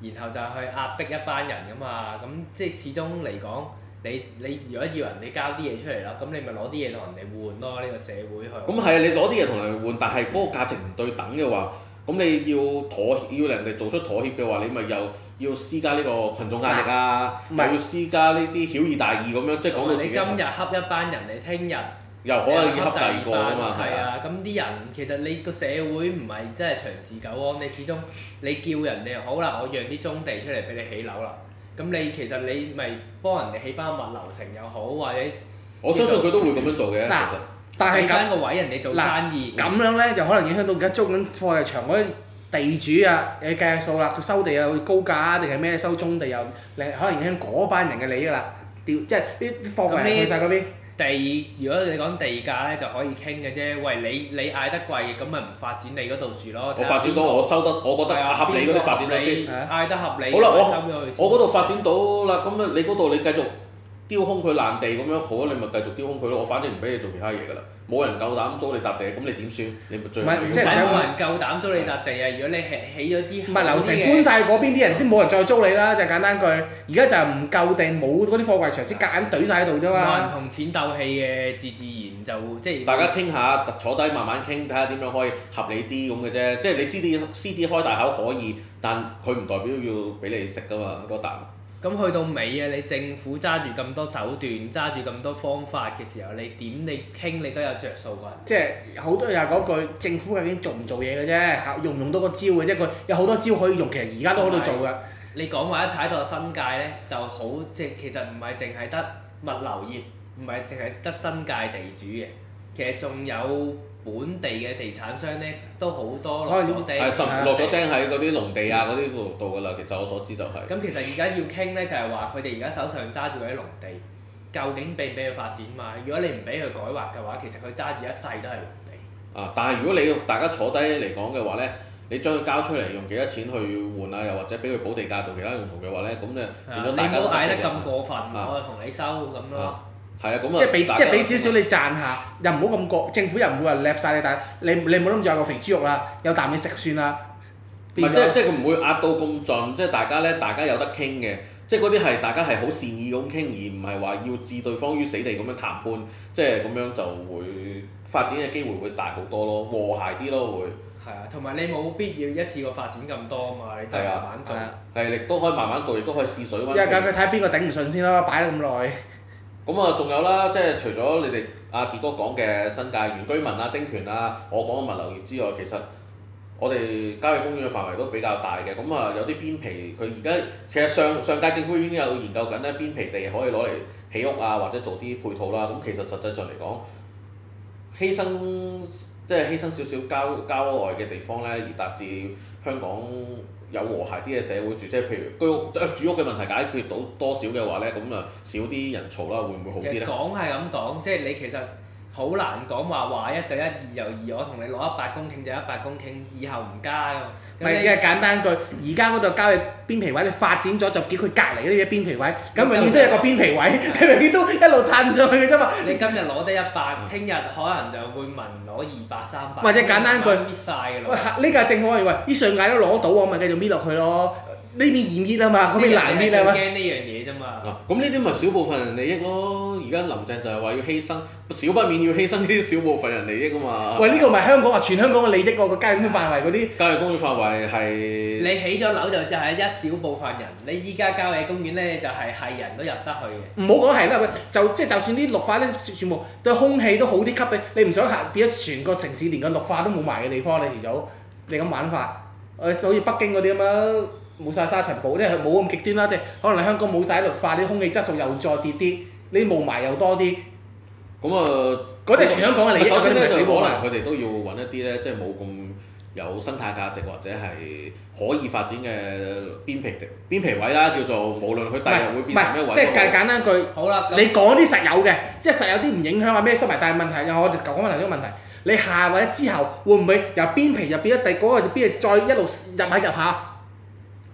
然後就去壓迫一班人㗎嘛？咁即係始終嚟講。你你如果要人哋交啲嘢出嚟啦，咁你咪攞啲嘢同人哋換咯，呢、呢個社會去。咁係啊，你攞啲嘢同人哋換，但係嗰個價值唔對等嘅話，咁你要妥協，要人哋做出妥協嘅話，你咪又要施加呢個群眾壓力啊，是又要施加呢啲曉以大義咁樣，即係到、哦、你今日恰一班人，你聽日又可以恰第二個啊嘛。係啊，咁啲人其實你個社會唔係真係長治久安，你始終你叫人哋好啦，我讓啲棕地出嚟俾你起樓啦。咁你其實你咪幫人哋起返物流城又好，或者我相信佢都會咁樣做嘅。那其實，但係是揀個位人哋做生意。嗱，咁樣咧就可能影響到而家租緊貨嘅場嗰啲地主啊，要計下數啦。佢收地又會高價啊，定係咩收中地又，你可能影響嗰班人嘅利益啦。掉即係啲貨櫃人去曬嗰邊。邊地，如果你講地價咧，就可以傾嘅啫。喂，你你嗌得貴，咁咪唔發展你嗰度住咯。看看我發展到誰我收得，我覺得合理嗰啲發展先，嗌、啊、得合理。好啦，我收我嗰度發展到啦，咁、嗯、你嗰度你繼續。丟空佢爛地咁樣，好啊！你咪繼續丟空佢咯。我反正唔俾你做其他嘢㗎啦。冇人夠膽租你笪地，咁你點算？你最唔係即係冇人夠膽租你笪地啊！對如果你起咗啲唔係樓成搬晒去嗰邊，啲人、嗯、都冇人再租你啦。就係、簡單句，而家就唔夠地，冇嗰啲貨櫃場先夾硬懟晒喺度啫嘛。同錢鬥氣嘅，自自然就即係大家傾下，坐低慢慢傾，睇下點樣可以合理啲咁嘅啫。即係、就係、你獅子獅子開大口可以，但佢唔代表要俾你食㗎嘛？嗰笪、嗯。咁去到尾啊！你政府揸住咁多手段，揸住咁多方法嘅時候，你點你傾你都有着數噶。即係好多又係嗰句，政府究竟做唔做嘢嘅啫？用唔用到個招嘅啫？佢有好多招可以用，其實而家都喺度做噶。你講話一踩到新界咧，就好即係其實唔係淨係得物流業，唔係淨係得新界地主嘅，其實仲有。本地嘅地產商咧都好多落地，釘，係落咗釘喺嗰啲農地啊嗰啲度度㗎啦。其實我所知就係、是、咁。其實而家要傾咧就係話佢哋而家手上揸住嗰啲農地，究竟俾唔俾佢發展嘛？如果你唔俾佢改劃嘅話，其實佢揸住一世都係農地。啊！但係如果你要大家坐低嚟講嘅話咧，你將佢交出嚟用幾多錢去換啊？又或者俾佢補地價做其他用途嘅話咧，咁咧、啊、大家你唔好嗌得咁過分，啊、我同你收咁咯。係啊，即係俾即係俾少少你賺下，又唔好咁過政府又唔會話叻晒你，但係你你冇諗住有個肥豬肉啦，有啖你食算啦。即即係佢唔會壓到咁盡，即係大家咧，大家有得傾嘅，即係嗰啲係大家係好善意咁傾，而唔係話要置對方於死地咁樣談判，即係咁樣就會發展嘅機會會大好多咯，和諧啲咯會。係啊，同埋你冇必要一次過發展咁多啊嘛，你。係慢慢做。亦都可以慢慢做，亦都可以試水溫。一係咁，佢睇邊個頂唔順先咯，擺咗咁耐。咁啊，仲有啦，即係除咗你哋阿杰哥講嘅新界原居民啊、丁權啊，我講嘅物流業之外，其實我哋郊野公園嘅範圍都比較大嘅。咁啊，有啲邊皮，佢而家其實上上屆政府已經有研究緊咧，邊皮地可以攞嚟起屋啊，或者做啲配套啦。咁其實實際上嚟講，犧牲即係犧牲少少郊郊外嘅地方咧，而達至香港。有和諧啲嘅社會住，即係譬如居屋，誒住屋嘅問題解決到多少嘅話咧，咁啊少啲人嘈啦，會唔會好啲咧？講係咁講，即係你其實。好難講話話一就一，二就二。我同你攞一百公頃就一百公頃，以後唔加㗎嘛。唔係嘅，簡單句。而家嗰度交嘅邊皮位，你發展咗就叫佢隔離嗰啲嘢邊皮位，咁永遠都有，有個邊皮位， 係咪你永遠都一路褪上去㗎啫嘛？你今日攞得一百，聽日可能就會問攞二百三百。或者簡單句，搣曬㗎啦。喂，呢個正所謂，啲上屆都攞到，我咪繼續搣落去咯。呢邊熱啲啊嘛，嗰邊冷啲啊驚呢樣嘢啫嘛。咁呢啲咪少部分人利益咯？而家林鄭就係話要犧牲，少不免要犧牲呢啲少部分人利益啊嘛。喂，呢、呢個咪香港啊，全香港嘅利益喎，個郊野公園範圍嗰啲。郊野公園範圍係。你起咗樓就就係一小部分人，你依家郊野公園咧就係係人都入得去嘅。唔好講係啦，就即係就算啲綠化咧，全部對空氣都好啲，吸啲。你唔想行變咗全個城市連個綠化都冇埋嘅地方，你遲早你咁玩法，誒好似北京嗰啲咁樣。冇曬沙塵暴，即係冇咁極端啦。即係可能你香港冇曬綠化，啲空氣質素又再跌啲，啲霧霾又多啲。咁啊，嗰啲想講嘅利益咧，就可能佢哋都要揾一啲咧，即係冇咁有生態價值或者係可以發展嘅邊皮地、邊皮位啦，叫做無論佢第日會變成咩位。唔係，即係簡單一句。好啦，你講啲實有嘅，即係實有啲唔影響啊咩濕埋，但係問題又我哋舊講問題嗰個問題，你下位之後會唔會由邊皮入邊一地嗰個邊再一路入下入下？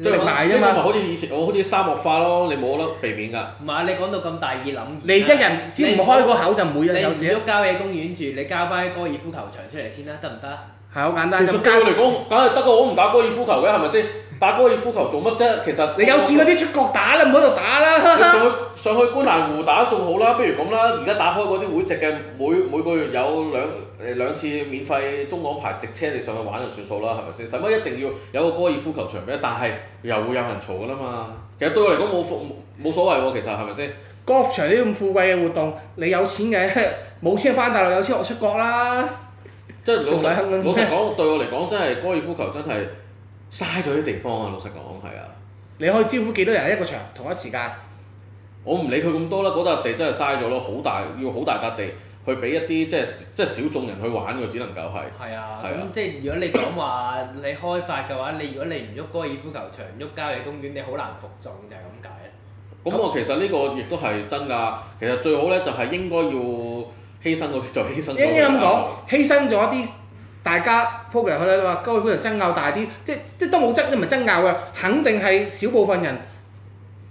即係大啊嘛，因好似以前我好似沙漠化咯，你冇得避免噶。唔係啊，你講到咁大意，諗你一人只要唔開個口就唔會有你有時喐郊野公園住，你交翻啲高爾夫球場出嚟先啦，啊，得唔得？係好簡單。其實樣教，教我嚟講，梗係得㗎，我唔打高爾夫球嘅，係咪先？打高爾夫球做乜啫？其實你有錢嗰啲出國打啦，唔好喺度打啦。 上去上去觀瀾湖打仲好啦，不如咁啦，而家打開嗰啲會籍嘅，每每個月有兩誒兩次免費中港牌直車，你上去玩就算數啦，係咪先？使乜一定要有個高爾夫球場咩？但係又會有人嘈噶啦嘛。其實對我嚟講冇服冇所謂喎，其實係咪先？golf 場啲咁富貴嘅活動，你有錢嘅冇錢翻大陸，有錢我出國啦。即係老實哼老實講，對我嚟講真係高爾夫球真係。嘥咗啲地方啊！老實講，係啊。你可以招呼幾多人一個場同一時間？我唔理佢咁多啦，嗰笪地真係嘥咗咯，好大要好大笪地去俾一啲即係即係小眾人去玩嘅，只能夠係。係啊，咁、啊啊、即係如果你講話你開發嘅話，你如果你唔喐高爾夫球場，唔喐郊野公園，你好難服眾就係、是、咁解。咁那我其實呢個亦都係真㗎，其實最好咧就係、是、應該要犧牲啲，就犧牲。應該咁講，犧牲咗啲。大家 focus 去啦，話嗰啲人爭拗大啲，即係即都冇爭，唔係爭拗嘅，肯定係少部分人，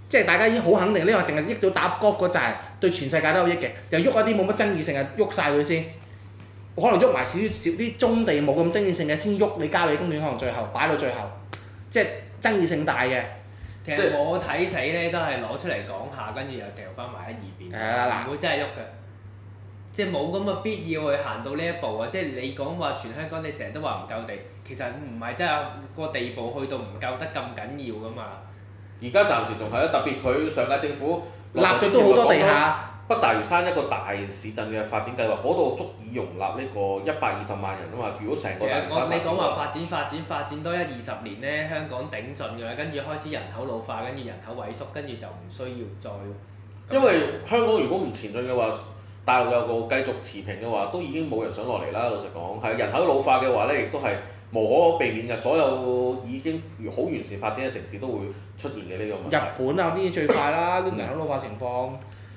即係大家已經好肯定呢個淨係益到打 golf 嗰陣，對全世界都有益嘅，就喐一啲冇乜爭議性嘅喐晒佢先，可能喐埋少少啲中地冇咁爭議性嘅先喐，你加你供暖，可能最後擺到最後，即係爭議性大嘅。其實我睇死咧，都係攞出嚟講下，跟住又掉翻埋喺耳邊，唔、係啦、唔會真係喐嘅。即係冇咁嘅必要去行到呢一步啊！即係你講話全香港，你成日都話唔夠地，其實唔係真係個地步去到唔夠得咁緊要㗎嘛。而家暫時仲係啊，特別佢上屆政府，立咗好多地下。說北大嶼山一個大市鎮嘅發展計劃，嗰度、嗯、足以容納呢個一百二十萬人啊嘛！如果成個大嶼山發展，發展發展發展多一二十年呢，香港頂盡㗎，跟住開始人口老化，跟住人口萎縮，跟住就唔需要再。嗯、因為香港如果唔前進嘅話，大陸有個繼續持平嘅話，都已經冇人想落嚟啦。老實講，係人口老化嘅話咧，亦都係無可避免嘅。所有已經好完善發展嘅城市都會出現嘅呢、這個問題。日本啊，啲最快啦， 人口老化情況。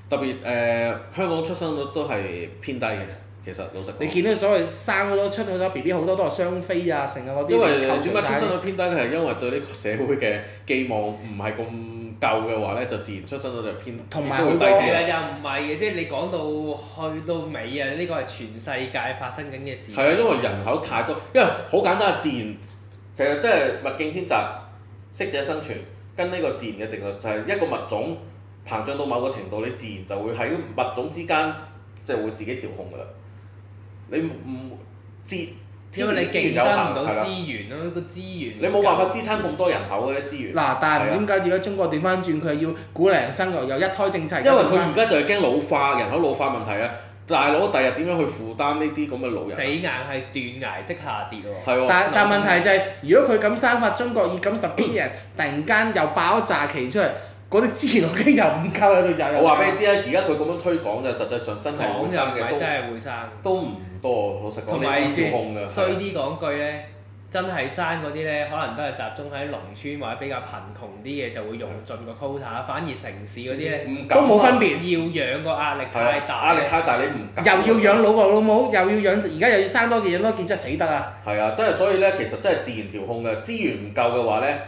特別誒、呃，香港出生率都係偏低嘅的，其實老實講。你見到所謂生咗出去咗 B B 好多都係雙非啊，成日嗰啲。因為點解出生率偏低咧？係因為對呢個社會嘅寄望唔係咁。夠嘅話呢，就自然出生率就偏同埋好低啲啦。又唔係嘅，即係你講到去到尾啊，呢個係全世界發生緊嘅事。係啊，因為人口太多，因為好簡單啊，自然其實即係物競天擇，適者生存，跟呢個自然嘅定律就係一個物種膨脹到某個程度，你自然就會喺物種之間就會自己調控噶啦。你唔接？自因為你競爭唔到資源咯，個資源,的資源你冇辦法支撐咁多人口嗰、啊、啲資源。嗱，但係唔點解而家中國點翻轉佢要鼓勵人生育又一胎政策？因為佢而家就係驚老化人口老化問題啊！大佬，第日點樣去負擔呢啲咁嘅老人？死硬係斷崖式下跌喎！的但我但係問題就係、是，如果佢咁生法，中國以咁 十幾億人突然間又爆一炸期出嚟，嗰啲資源我驚又唔夠喺度，我話俾你知啊，而家佢咁樣推廣就實際上真係好生嘅都。講又、哦、真係會生？都唔。多老實講，有你講調控嘅衰啲講句咧，是真係生嗰啲咧，是可能都係集中喺農村或者比較貧窮啲嘅，就會用盡個 quota，是反而城市嗰啲咧都冇、啊啊、分別，要養個壓力太大，壓、啊、力太大你，你唔又要養老豆老母，又要養而家又要生多件，嘢多件真係死得啊！係啊，即係所以咧，其實真係自然調控嘅資源唔夠嘅話咧，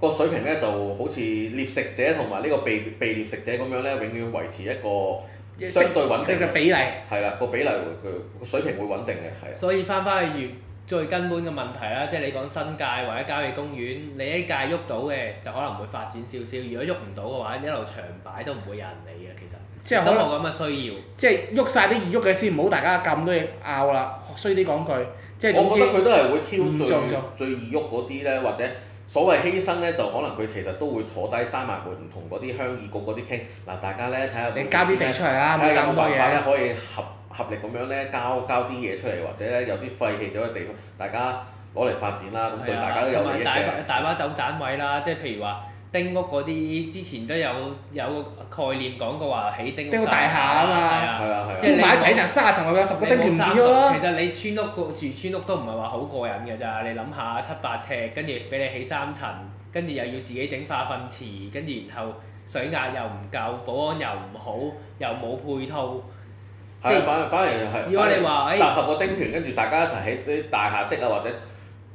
個水平咧就好似獵食者同埋呢個被被獵食者咁樣咧，永遠維持一個。相對穩定嘅比例係啦，個比例佢個水平會穩定嘅，係。所以翻返去原最根本嘅問題啦，即係你講新界或者郊野公園，你一界喐到嘅就可能會發展少少，如果喐唔到嘅話，一路長擺都唔會有人理嘅，其實都冇咁嘅需要。即係喐晒啲易喐嘅先，唔好大家咁多嘢拗啦，學衰啲講句。即係總之。我覺得佢都係會挑最重重最易喐嗰啲咧，或者。所謂犧牲咧，就可能佢其實都會坐低閂埋門同嗰啲鄉議局嗰啲傾。嗱，大家咧睇下，睇下你交啲嘢出嚟啦，睇下有冇辦法咧，可以合合力咁樣咧，交交啲嘢出嚟，或者咧有啲廢棄咗嘅地方，大家攞嚟發展啦，咁對大家都有利益嘅。大把大把走盞位啦，即係譬如話，丁屋嗰啲之前都有有。概念講個話起丁，起個大廈啊嘛，啊啊即係你買一層三啊層，我有十個丁權。其實你村屋個住村屋都唔係話好過癮嘅咋，你諗下七八尺，跟住俾你起三層，跟住又要自己整化糞池，跟住然後水壓又唔夠，保安又唔好，又冇配套。啊、即係是反反而係，如果你話誒集合個丁權，跟住大家一齊起啲大廈式啊，或者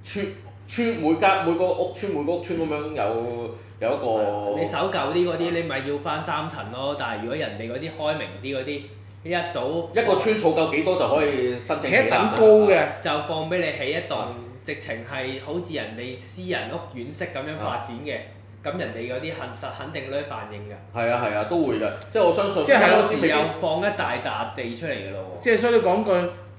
村村每間每個屋村每個屋村咁樣有。有一個你守舊啲嗰啲，你咪的要翻三層咯。但係如果人哋嗰啲開明啲嗰啲，一早一個村儲夠幾多就可以申請，一等高嘅，就放俾你起一棟，的直情係好似人哋私人屋苑式咁樣發展嘅。咁人哋嗰啲現實肯定都反應㗎。係啊係啊，都會㗎，即係我相信。即係是有時又放一大紮地出嚟㗎咯喎！即係所以你講句。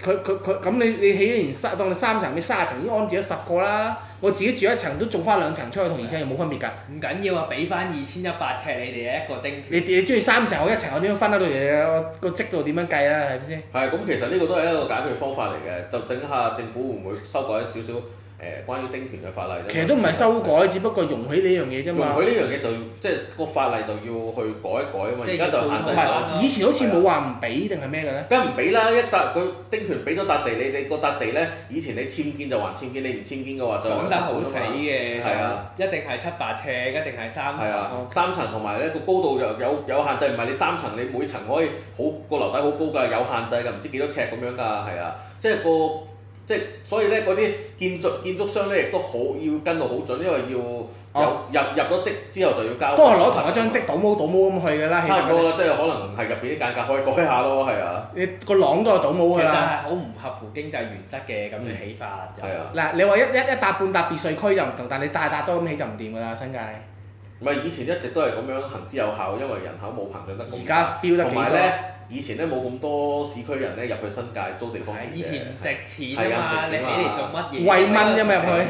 佢佢佢咁你你起一年三當你三層，你卅層已經安置咗十個啦，我自己住一層都仲翻兩層出去同，以前又冇分別噶。唔緊要啊，俾翻二千一百尺你哋一個丁你。你你中意三層，我一層，我點樣分得到嘢啊？個積度點樣計啊？係咪先？係咁，其實呢個都係一個解決方法嚟嘅，就整下政府會唔會修改少少？誒，關於丁權嘅法例，其實都唔係修改，只不過容許呢樣嘢啫嘛。容許呢樣嘢就即係個法例就要去改一改啊嘛。而家就限制，以前好似冇話唔俾定係咩嘅咧？梗係唔俾啦！一笪佢丁權俾咗笪地，你你個笪地咧，以前你簽堅就還簽堅，你唔簽堅嘅話就講得好死嘅，係啊，一定係七百尺，一定係三層。係啊，三層同埋咧個高度又有有限制，唔係你三層，你每層可以好個樓底好高㗎，有限制㗎，唔知幾多尺咁樣㗎，係啊，即係個。即係，所以咧嗰啲建築建築商咧，亦都好要跟到好準，因為要入入入咗則之後就要交。都係攞同一張則倒模倒模咁去㗎啦。差唔多啦，即係可能係入邊啲價格可以改下咯，係啊。你個籠都係倒模㗎啦。其實係好唔合乎經濟原則嘅咁嘅起法。係啊。嗱，你話一一一笪半搭別墅區就唔同，但你大笪都咁起就唔掂㗎啦，新界。唔係，以前一直都係咁樣行之有效，因為人口冇膨脹得。咁。而家飆得幾多？以前咧，冇咁多市區人咧，入去新界租地方住。以前唔值錢啊，你起嚟做乜嘢？餵蚊咁入去，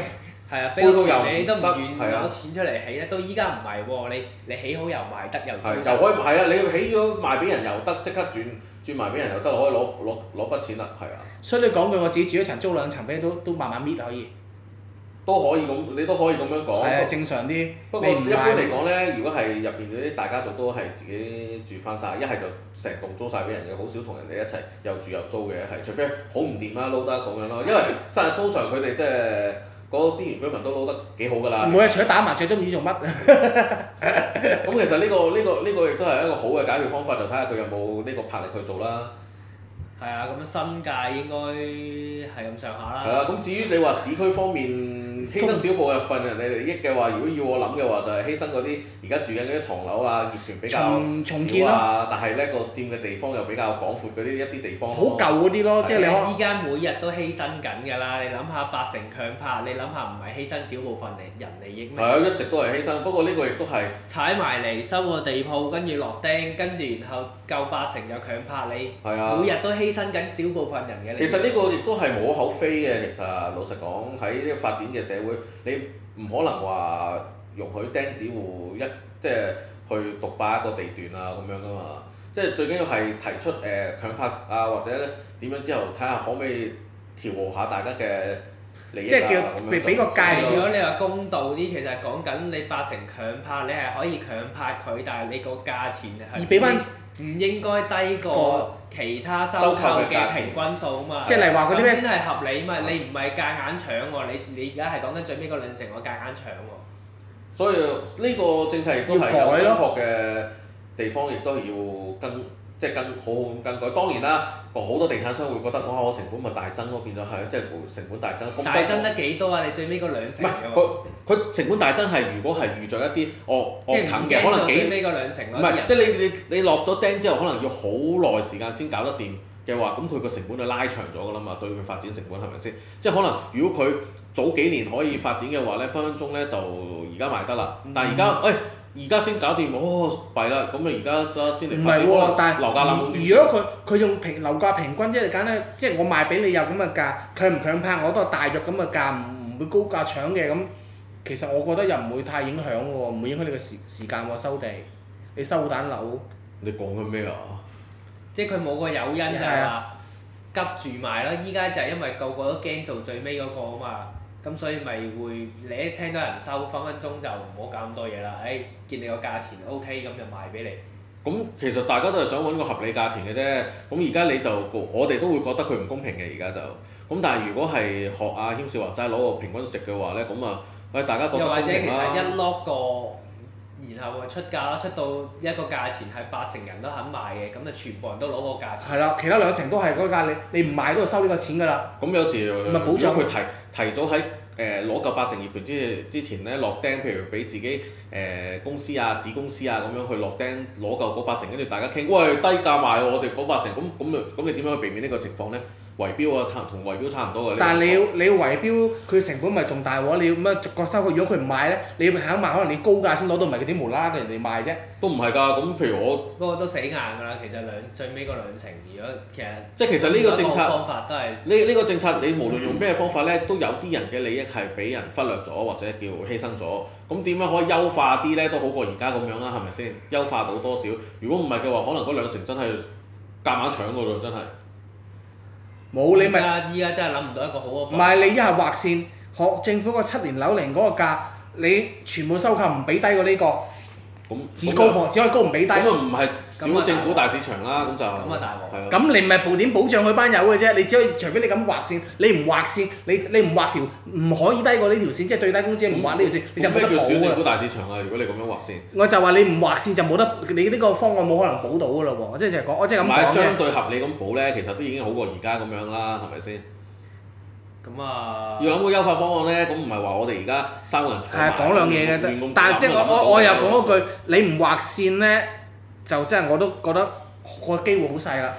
係啊， 起到又你都唔願意攞錢出嚟起咧，到依家唔係喎，你你起好又賣得又的又可以，係啊，你起咗賣俾人又得，即刻轉轉賣俾人又得，可以攞攞攞筆錢啦，係啊。所以你講句，我自己住一層，租兩層俾你都都慢慢搣可以。都可以咁，你都可以咁樣講，正常啲。不過一般嚟講咧，如果係入邊嗰啲大家族都係自己住翻晒，一係就成棟租晒俾人嘅，好少同人哋一齊又住又租嘅，係除非好唔掂啦，撈得咁樣咯。因為實在、嗯嗯、通常佢哋即係嗰啲原居民都撈得幾好㗎啦。唔會、啊、除咗打麻雀都唔知做乜。咁 其實呢個呢個呢個亦都係一個好嘅解決方法，就睇下佢有冇呢個魄力去做啦。係啊，咁新界應該係咁上下啦。係啊，咁至於你話市區方面。犧牲小部分人嘅利益嘅話，如果要我諗嘅話，就係犧牲嗰啲而家住緊嗰啲唐樓啊，業權比較少啊，但係呢個佔嘅地方又比較廣闊嗰啲一啲地方。好舊嗰啲咯，即係你依家的的每日都犧牲緊㗎啦！你諗下八成強拍，你諗下唔係犧牲小部分人人利益咩？係啊，一直都係犧牲，不過呢個亦都係踩埋嚟收個地鋪，跟住落釘，跟住然後夠八成就強拍你。每日都犧牲緊小部分人嘅利益。其實呢個亦都係無可厚非嘅。其實老實講，喺呢個發展嘅社會你唔可能話容許釘子戶一，即係去獨霸一個地段啊，咁樣㗎嘛，即係最緊要係提出誒、呃、強拍啊或者點樣，之後睇下可唔可以調和下大家嘅利益，即係叫俾個價，如果你話公道啲，其實講緊你八成強拍，你係可以強拍佢，但係你個價錢係。而俾翻唔應該低過。其他收購嘅平均數嘛，即係嗰啲咩？先係合理嘛，嗯、你唔係夾眼搶喎、啊，你你而家係講緊最尾嗰兩成，我夾硬搶喎、啊。所以呢、呢個政策亦都係有商榷嘅地方，亦都要，要跟。即係更好好咁更改，當然啦，好多地產商會覺得，哇！我成本咪大增咯，變咗係，即係成本大增。大增得幾多啊？你最尾個兩成不。唔係佢佢成本大增係如果係遇著一啲惡惡啃嘅，即可能幾尾個兩成咯。唔係，即係你你你落咗釘之後，可能要好耐時間先搞得掂嘅話，咁佢個成本就拉長咗噶啦嘛，對佢發展成本係咪先？即係可能如果佢早幾年可以發展嘅話咧，分分鐘咧就而家賣得啦。但係而家喂。嗯而家先搞掂，哦，弊啦，咁啊，而家先先嚟。唔係喎，但係，如如果佢佢用平樓價平均，即係簡單，即係我賣俾你又咁嘅價，強唔強迫我都係大約咁嘅價，唔唔會高價搶嘅咁。其實我覺得又唔會太影響喎，唔會影響你嘅時時間喎，收地。你收單樓？你講緊咩啊？即係佢冇個誘因㗎嘛，的急住賣啦！依家就係因為個個都驚做最尾嗰個啊嘛。咁所以咪會，你一聽到人收，分分鐘就唔好搞咁多嘢啦。誒、哎，見你個價錢 O K，咁就賣俾你。咁、嗯、其實大家都係想揾個合理價錢嘅啫。咁而家你就，我哋都會覺得佢唔公平嘅。而家就，咁但係如果係學阿謙少或齋攞個平均值嘅話呢，咁啊，大家覺得又或者其實一 lock 個，然後出價啦，出到一個價錢係八成人都肯賣嘅，咁啊全部人都攞個價錢。係啦、嗯，其他兩成都係嗰個價，你你唔賣都收呢個錢㗎啦。咁有時唔係保障佢提提早喺。誒，攞夠八成業權之之前咧，落釘，譬如俾自己誒、呃、公司啊、子公司啊咁樣去落釘，攞夠嗰八成，跟住大家傾，喂，低價賣，啊、我哋嗰八成，咁咁你點樣去避免呢個情況咧？圍標啊，同圍標差唔多嘅。但係你、哦、你圍標，佢成本咪仲大喎？你要咩逐個收佢？如果佢唔買咧，你要肯賣，可能你高價先攞到，唔係佢點無啦啦跟人哋賣啫。都唔係㗎，咁譬如我不過都死硬㗎啦。其實兩最尾個兩成，如果其實即係其實呢個政策個方法都係呢呢個政策，你無論用咩方法咧，都有啲人嘅利益係俾人忽略咗或者叫犧牲咗。咁點樣可以優化啲咧？都好過而家咁樣啦，係咪先？優化到多少？如果唔係嘅話，可能嗰兩成真係夾硬搶㗎咯，真係。真 冇你咪依家，真係諗唔到一個好嘅方法，唔係，你一係劃線學政府嗰七年樓齡嗰個價，你全部收購唔俾低過呢個。咁只高只可以高唔俾低，咁啊唔係小政府大市場啦、啊，咁就咁咁、啊、你唔係點保障佢班友嘅啫？你只可以除非你咁畫線，你唔畫線，你你唔畫條唔可以低過呢條線，即係最低工資唔畫呢條線，那你就唔得保，咩叫小政府大市場啊？如果你咁樣畫線，我就話你唔畫線就冇得，你呢個方案冇可能保到噶咯喎！我即係講，我即係咁講買相對合理咁保呢，其實都已經好過而家咁樣啦，係咪先？咁啊，要諗個優化方案咧，咁唔係話我哋而家三個人，係講兩嘢嘅，但係即係我我我又講一句，你唔劃線咧，就即係我都覺得個機會好細啦。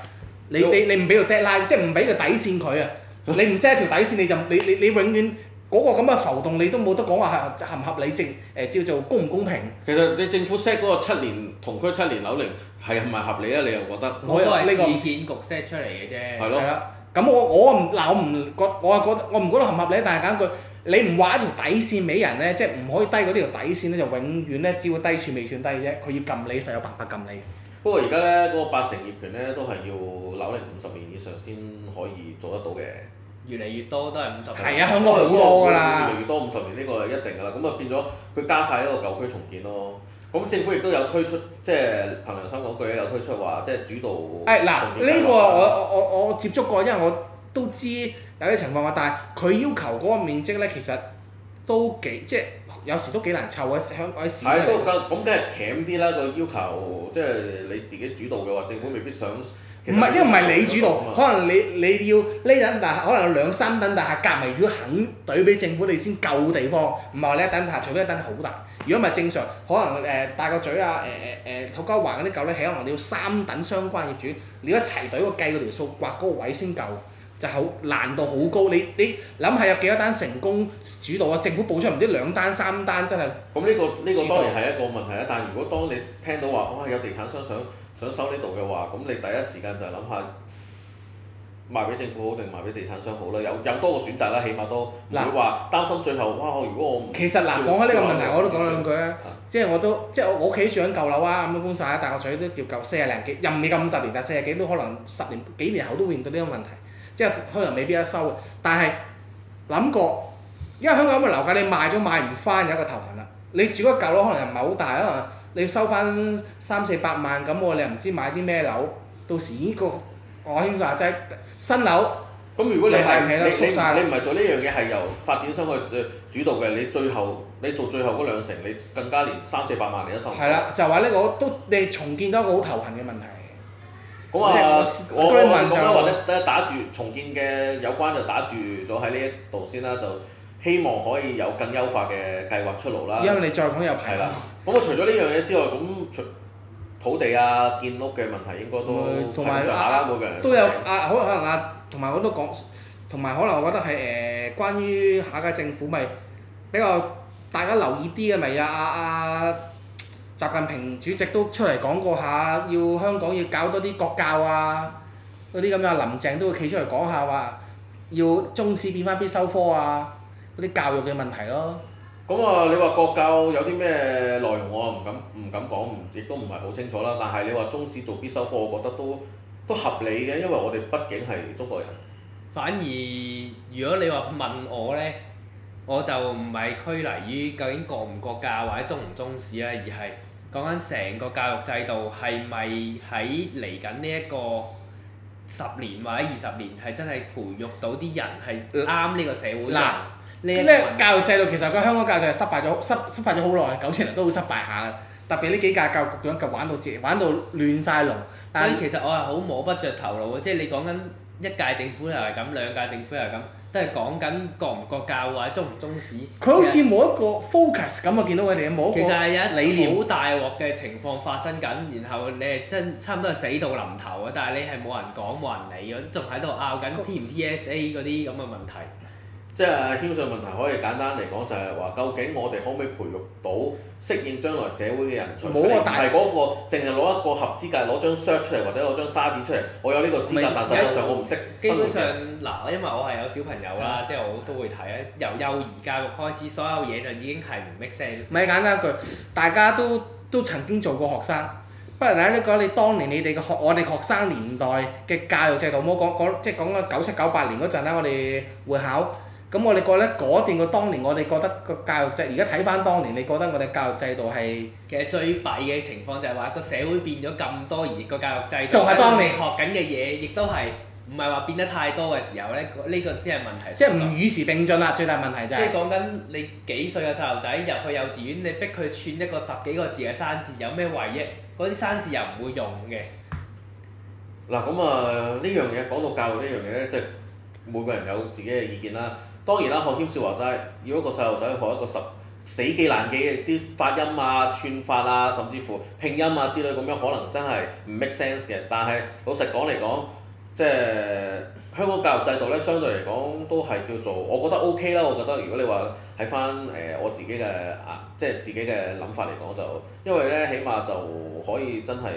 你你你唔俾條 deadline，即係唔俾條底線佢啊！你唔 set 條底線，你就你你你永遠嗰個咁嘅浮動，你都冇得講話係合唔合理，正誒叫做公唔公平。其實你政府 set 嗰個七年同區七年樓齡係咪合理啊？你又覺得？我都係市建局 set 出嚟嘅啫。係咯。咁我我唔嗱我唔覺我啊覺得我唔覺得合唔合理，但係講句，你唔畫一條底線俾人咧，即係唔可以低過呢條底線咧，就永遠咧只會低處未算低嘅啫。佢要撳你，實有辦法撳你。不過而家咧，嗰個八成業權咧都係要樓齡五十年以上先可以做得到嘅。越嚟越多都係五十年。係啊，香港好多㗎啦。越嚟越多五十年呢個係一定㗎啦，咁啊變咗佢加快一個舊區重建咯。咁政府亦都有推出，即係憑良心講句咧，有推出話即係主導。誒嗱、哎，呢個我我我我接觸過，因為我都知有啲情況啊，但係佢要求嗰個面積咧，其實都幾即係有時都幾難湊啊！香港市。係、哎、都咁，咁梗係平啲啦。個要求即係你自己主導嘅話，政府未必想。唔係，因為唔係你主導，可能你你要呢等大廈，可能兩三等大廈夾埋都要肯賠俾政府，你先夠地方。唔係話你一等大廈，除非一等好大。如果唔係正常，可能誒、呃、大個嘴啊，誒誒誒土瓜灣嗰啲舊咧，係可能你要三等相關業主，你一齊隊個計個條數，刮嗰個位先夠，就好難度好高。你你諗下有幾多單成功主導啊？政府報出唔知兩單三單，真係。咁呢個呢個當然係一個問題啦。但係如果當你聽到話，哇有地產商想想收呢度嘅話，咁你第一時間就係諗下。賣俾政府好定賣俾地產商好啦，有有多個選擇啦，起碼都唔會話擔心最後哇！我如果我其實嗱講開呢個問題，我都講兩句啊。即係我都即係我屋企住緊舊樓啊，咁樣供曬，但係我仲喺度住舊四廿零幾，又唔未夠五十年，但係四廿幾都可能十年幾年後都會面對呢個問題。即係可能未必得收，但係諗過，因為香港咁嘅樓價，你賣咗賣唔翻有一個頭痕啦。你住嗰舊樓可能又唔係好大啊嘛，你收翻三四百萬咁，我你又唔知買啲咩樓，到時呢個我兄弟話齋。新樓，咁如果你係你你你唔係你做呢樣嘢係由發展商去主導嘅，你最後你做最後嗰兩成，你更加連三四百萬你都收唔到。係啦，就話呢我都你重建都係一個好頭痕嘅問題。咁、就是、啊，我就或者打住重建嘅有關就打住咗喺呢一度先啦，就希望可以有更優化嘅計劃出路啦。因為你再講又係。係啦了。咁啊，除咗呢樣嘢之外，咁除。土地啊，建屋嘅問題應該都係就下都有啊，可能啊，同埋我都講，同埋可能我覺得係誒、呃，關於下屆政府咪比較大家留意啲嘅咪啊啊！習近平主席都出嚟講過下，要香港要搞多啲國教啊，嗰啲咁樣，林鄭都會企出嚟講下話，要中史變返必修科啊，嗰啲教育嘅問題咯。咁啊，你話國教有啲咩內容，我又唔敢唔敢講，亦都唔係好清楚啦。但係你話中史做必修科，我覺得都都合理嘅，因為我哋畢竟係中國人。反而，如果你話問我咧，我就唔係拘泥於究竟國唔國教或者中唔中史啦，而係講緊成個教育制度係咪喺嚟緊呢一個十年或者二十年係真係培育到啲人係啱呢個社會？嗯，嗯，嗯。你咩教育制度其實個香港教育制度係失敗咗失失敗咗好耐，九千年都好失敗下嘅。特別呢幾屆教育局長咁樣玩到自己玩到亂晒龍。但係其實我係好摸不着頭腦嘅，即係、嗯、你講緊一屆政府又係咁，兩屆政府又係咁，都係講緊國唔國教啊，中唔中史。佢好似冇一個 focus 咁啊！是我見到佢哋冇一個。其實係有一理念。好大鑊嘅情況發生緊，然後你係真差唔多係死到臨頭啊！但係你係冇人講，冇人理嘅，仲喺度拗緊 T 唔 TSA 嗰啲咁嘅問題。即係僥倖問題，可以簡單嚟講就係話：究竟我哋可唔可以培育到適應將來社會嘅人才？冇啊，但係嗰個淨係攞一個合資格，攞張 shar 出嚟，或者攞張沙紙出嚟。我有呢個資格。是但係實際上我唔識。基本上嗱，因為我係有小朋友啦，嗯、即係我都會睇由幼兒教育開始，所有嘢就已經係唔 make sense。唔係簡單一句，大家都都曾經做過學生。不如大家都一講你當年你哋嘅學，我哋學生年代嘅教育制度。我講講即係講緊九七九八年嗰陣啦，我哋會考。咁我哋覺得嗰段個當年，我哋覺得個教育制，而家睇翻當年，你覺得我哋教育制度係其實最弊嘅情況就係話個社會變咗咁多，而個教育制度仲係當，當你學緊嘅嘢，亦都係唔係話變得太多嘅時候咧？呢、呢個先係問題。即係唔與時並進啦！最大問題就係即係講緊你幾歲嘅細路仔入去幼稚園，你逼佢串一個十幾個字嘅生字，有咩惠益？嗰啲生字又唔會用嘅。嗱咁啊，呢樣嘢講到教育呢樣嘢咧，即係每個人有自己嘅意見啦。當然啦，學謙少話齋如果個細路仔學一個十死記難記啲發音啊、串法啊，甚至乎拼音啊之類咁樣，可能真係唔 make sense 嘅。但係老實講嚟講，即係香港教育制度咧，相對嚟講都係叫做我覺得 O、OK、K 啦。我覺得如果你話係翻誒我自己嘅啊，即係自己嘅諗法嚟講就，因為咧起碼就可以真係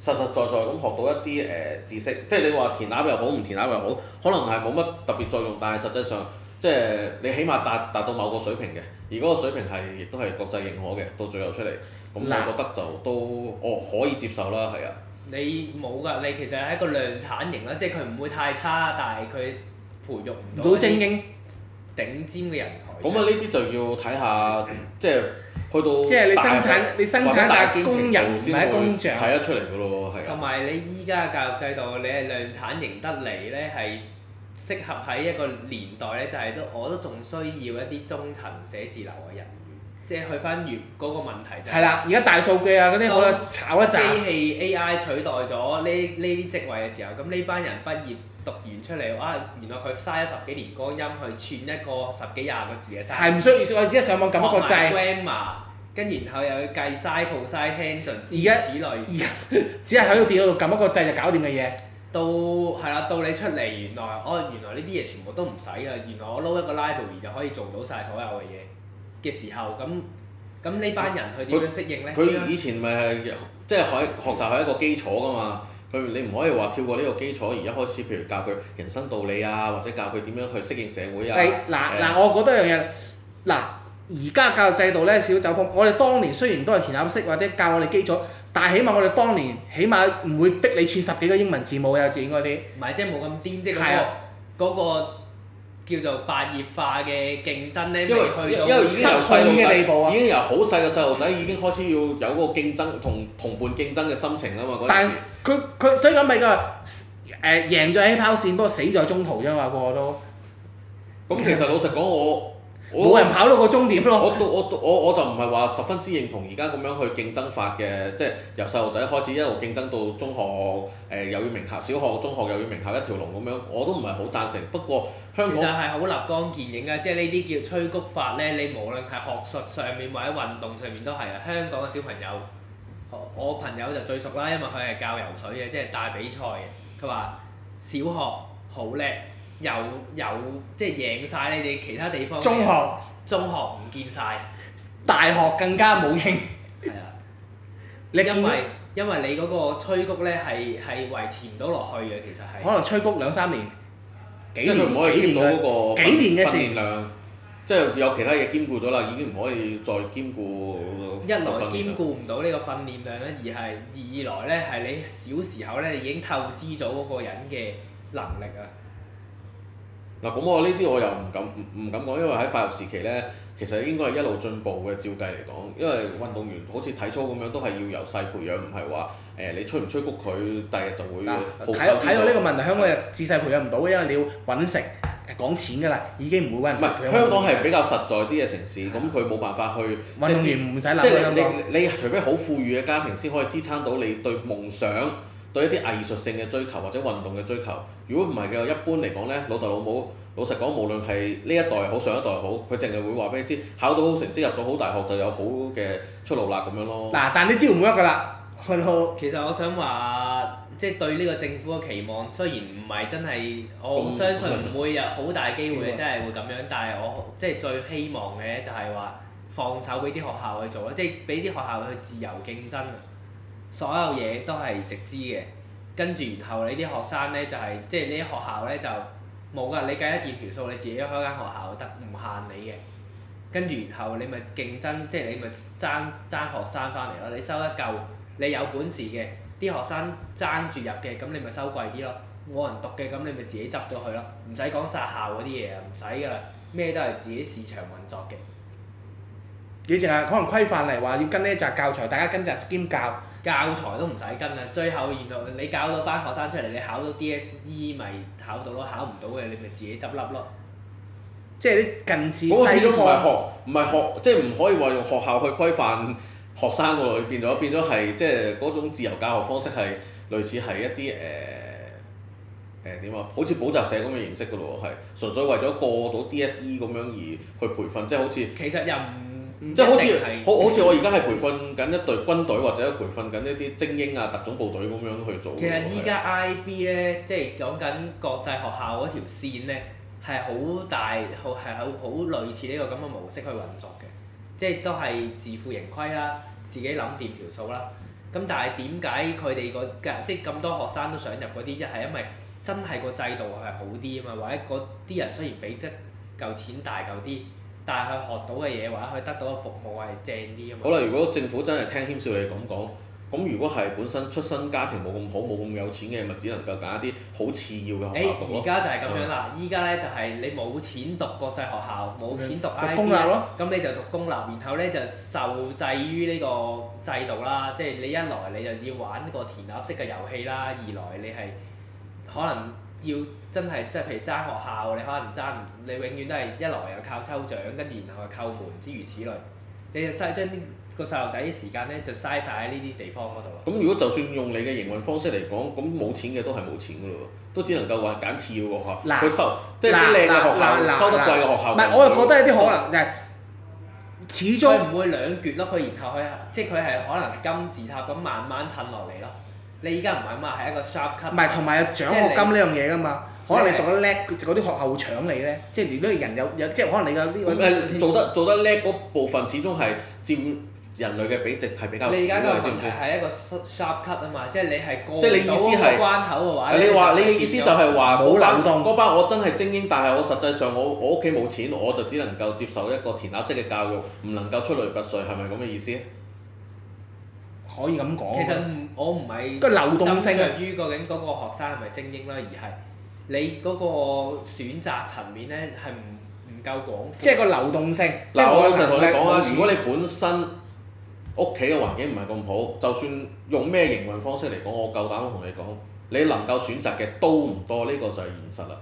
實實在在咁學到一啲誒、呃、知識，即係你話填鴨又好唔填鴨又好，可能係冇乜特別作用，但係實際上。即係你起碼達達到某個水平嘅，而嗰個水平係亦都係國際認可嘅，到最後出嚟，咁我覺得就都哦可以接受啦，係啊。你冇㗎，你其實係一個量產型啦，即係佢唔會太差，但係佢培育唔到精英頂尖嘅人才。咁啊，呢啲就要睇下，即係去到。即係你生產，大大你生產，但係工人唔係工匠。睇得出嚟㗎咯，係。同埋你依家嘅教育制度，你係量產型得嚟咧，係。 適合喺一個年代咧，就係、是、都我都仲需要一啲中層寫字樓嘅人員，即係去返原嗰個問題就係、是、啦。而家大數據啊嗰啲，我炒一陣機器 AI 取代咗呢呢啲職位嘅時候，咁呢班人畢業讀完出嚟，哇！原來佢嘥咗十幾年光陰去串一個十幾廿個字嘅生，係唔需要，我只係上網撳一個掣。grammar 跟然後又要計 size、size、handson 字類，而家只係喺個電腦度撳一個掣就搞掂嘅嘢。到係啦、啊，到你出嚟原來，哦，原來呢啲嘢全部都唔使嘅，原來我撈一個 library 就可以做到晒所有嘅嘢嘅時候，咁咁呢班人去點樣適應呢？佢以前咪係即係學學習係一個基礎噶嘛，佢你唔可以話跳過呢個基礎而一開始，譬如教佢人生道理啊，或者教佢點樣去適應社會啊。係嗱嗱，我覺得一樣嘢，嗱而家教育制度呢，少走風，我哋當年雖然都係填鴨式或者教我哋基礎。但係起碼我哋當年起碼唔會逼你串十幾個英文字母,字母啊，幼稚園嗰啲。唔係，即係冇咁癲，即係嗰個嗰個叫做白熱化嘅競爭呢，因為因為,因為已經由細路仔已經由好細嘅細路仔已經開始要有嗰個競爭同同伴競爭嘅心情啊嘛。但係佢佢所以咁咪個誒贏咗起跑線，不過死在中途啫嘛，個都。咁其實老實講我。冇人跑到個終點咯！我都我都我我就唔係話十分之認同而家咁樣去競爭法嘅，即係由細路仔開始一路競爭到中學，誒又要名校，小學、中學又要名校一條龍咁樣，我都唔係好贊成。不過香港就係好立竿見影啊！即係呢啲叫催谷法咧，你無論係學術上面或者運動上面都係啊。香港嘅小朋友，我朋友就最熟啦，因為佢係教游水嘅，即係帶比賽嘅。佢話小學好叻。有有即係贏晒你哋其他地方，中學中學唔見晒，大學更加冇興。係啊你因，因為因為你嗰個催谷咧係係維持唔到落去嘅，其實係可能催谷兩三年，幾年可以到幾年嗰、就是啊、個訓練量，即係有其他嘢兼顧咗啦，已經唔可以再兼顧。一來兼顧唔到呢個訓練量咧，而係二來咧係你小時候咧已經透支咗嗰個人嘅能力啊。嗱，咁我呢啲我又唔敢唔敢講，因為喺發育時期咧，其實應該係一路進步嘅，照計嚟講。因為運動員好似體操咁樣，都係要由細培養，唔係話誒你吹唔吹谷佢，第日就會。睇到呢個問題，嗯、香港人自細培養唔到，因為你要揾食講錢㗎啦，已經唔會揾唔。唔係香港係比較實在啲嘅城市，咁佢冇辦法去。運動員唔使諗呢樣嘢。即係你你你除非好富裕嘅家庭，先可以支撐到你對夢想。對一啲藝術性嘅追求或者運動嘅追求，如果唔係嘅，一般嚟講呢，老豆老母，老實講，無論係呢一代好上一代好，佢淨係會話俾你知，考到好成績入到好大學就有好嘅出路啦咁樣咯。嗱，但係你知唔會啊㗎啦，其實我想話，即係對呢個政府嘅期望，雖然唔係真係，我相信唔會有好大機會真係會咁樣。但係我即係最希望嘅就係話，放手俾啲學校去做啦，即係俾啲學校去自由競爭。所有嘢都係直資嘅，跟住然後你啲學生呢、就係，就係即係呢啲學校呢，就冇㗎，你計一件條數，你自己開間學校得，唔限你嘅。跟住然後你咪競爭，即係你咪爭爭學生翻嚟咯。你收得夠，你有本事嘅啲學生爭住入嘅，咁你咪收貴啲咯。冇人讀嘅，咁你咪自己執咗佢咯，唔使講殺校嗰啲嘢啊，唔使㗎喇，咩都係自己市場運作嘅。你淨係可能規範嚟話要跟呢一紮教材，大家跟紮 skim 教。教材都唔使跟啦，最後，然後你教到班學生出嚟，你考到 DSE 咪考到咯，考唔到嘅你咪自己執笠咯。即係啲近似。唔係學，唔係學，即係唔可以話用學校去規範學生個咯，變咗變咗係，即係嗰種自由教學方式係類似係一啲誒誒點啊，好似補習社咁嘅形式個咯，係純粹為咗過到 DSE 咁樣而去培訓，即係好似。其實又唔。即係好似好好似我而家係培訓緊一隊軍隊 或者培訓緊一啲精英啊特種部隊咁樣去做。其實依家 IB 咧的，即係講緊國際學校嗰條線咧，係好大，係好好類似呢個咁嘅模式去運作嘅，即係都係自負盈虧啦，自己諗掂條數啦。咁但係點解佢哋個即係咁多學生都想入嗰啲？一係因為真係個制度係好啲啊嘛，或者嗰啲人雖然俾得夠錢大夠啲。但係佢學到嘅嘢或者佢得到嘅服務係正啲啊嘛。好啦，如果政府真係聽軒少你咁講，咁如果係本身出身家庭冇咁好冇咁、嗯、有錢嘅，咪只能夠揀一啲好次要嘅學校讀咯。誒，而家就係咁樣啦。依家咧就係你冇錢讀國際學校，冇錢讀 BA，嗯，咁你就讀公立，然後咧就受制於呢個制度啦。即、就、係、是、你一來你就要玩呢個填鴨式嘅遊戲啦，二來你係可能。要真係即係譬如爭學校，你可能爭你永遠都係一來又靠抽獎，跟住然後又扣門之如此類，你又嘥將啲個細路仔啲時間咧就嘥晒喺呢啲地方嗰度。咁如果就算用你嘅營運方式嚟講，咁冇錢嘅都係冇錢噶咯，都只能夠話揀次要嘅學校。佢收，即係啲靚嘅學校，收得貴嘅學校。唔係我又覺得有啲可能就係、係，始終唔會兩決咯，佢然後佢即係佢係可能金字塔咁慢慢褪落嚟咯。你而家唔係嘛？係一個 shop 級，唔係同埋有獎學金呢樣嘢噶嘛？可能你讀得叻，嗰啲學校會搶你咧。即係如果你人有有，即係可能你嘅呢個做得做得叻嗰部分，始終係佔人類嘅比值係比較少嘅，知唔知？係一個 shop shop 級啊嘛，即係你係過咗關口嘅話，你話說你嘅意思就係話嗰班嗰班我真係精英，但係我實際上我我屋企冇錢，我就只能夠接受一個填鴨式嘅教育，唔能夠出類拔萃，係咪咁嘅意思？可以咁講。其實我唔係。個流動性。受於究竟嗰個學生係咪精英啦，而係你嗰個選擇層面咧，係唔唔夠廣闊。即係個流動性。嗱，我有時同你講啊，如果你本身屋企嘅環境唔係咁好，就算用咩營運方式嚟講，我夠膽同你講，你能夠選擇嘅都唔多，呢個就係現實啦。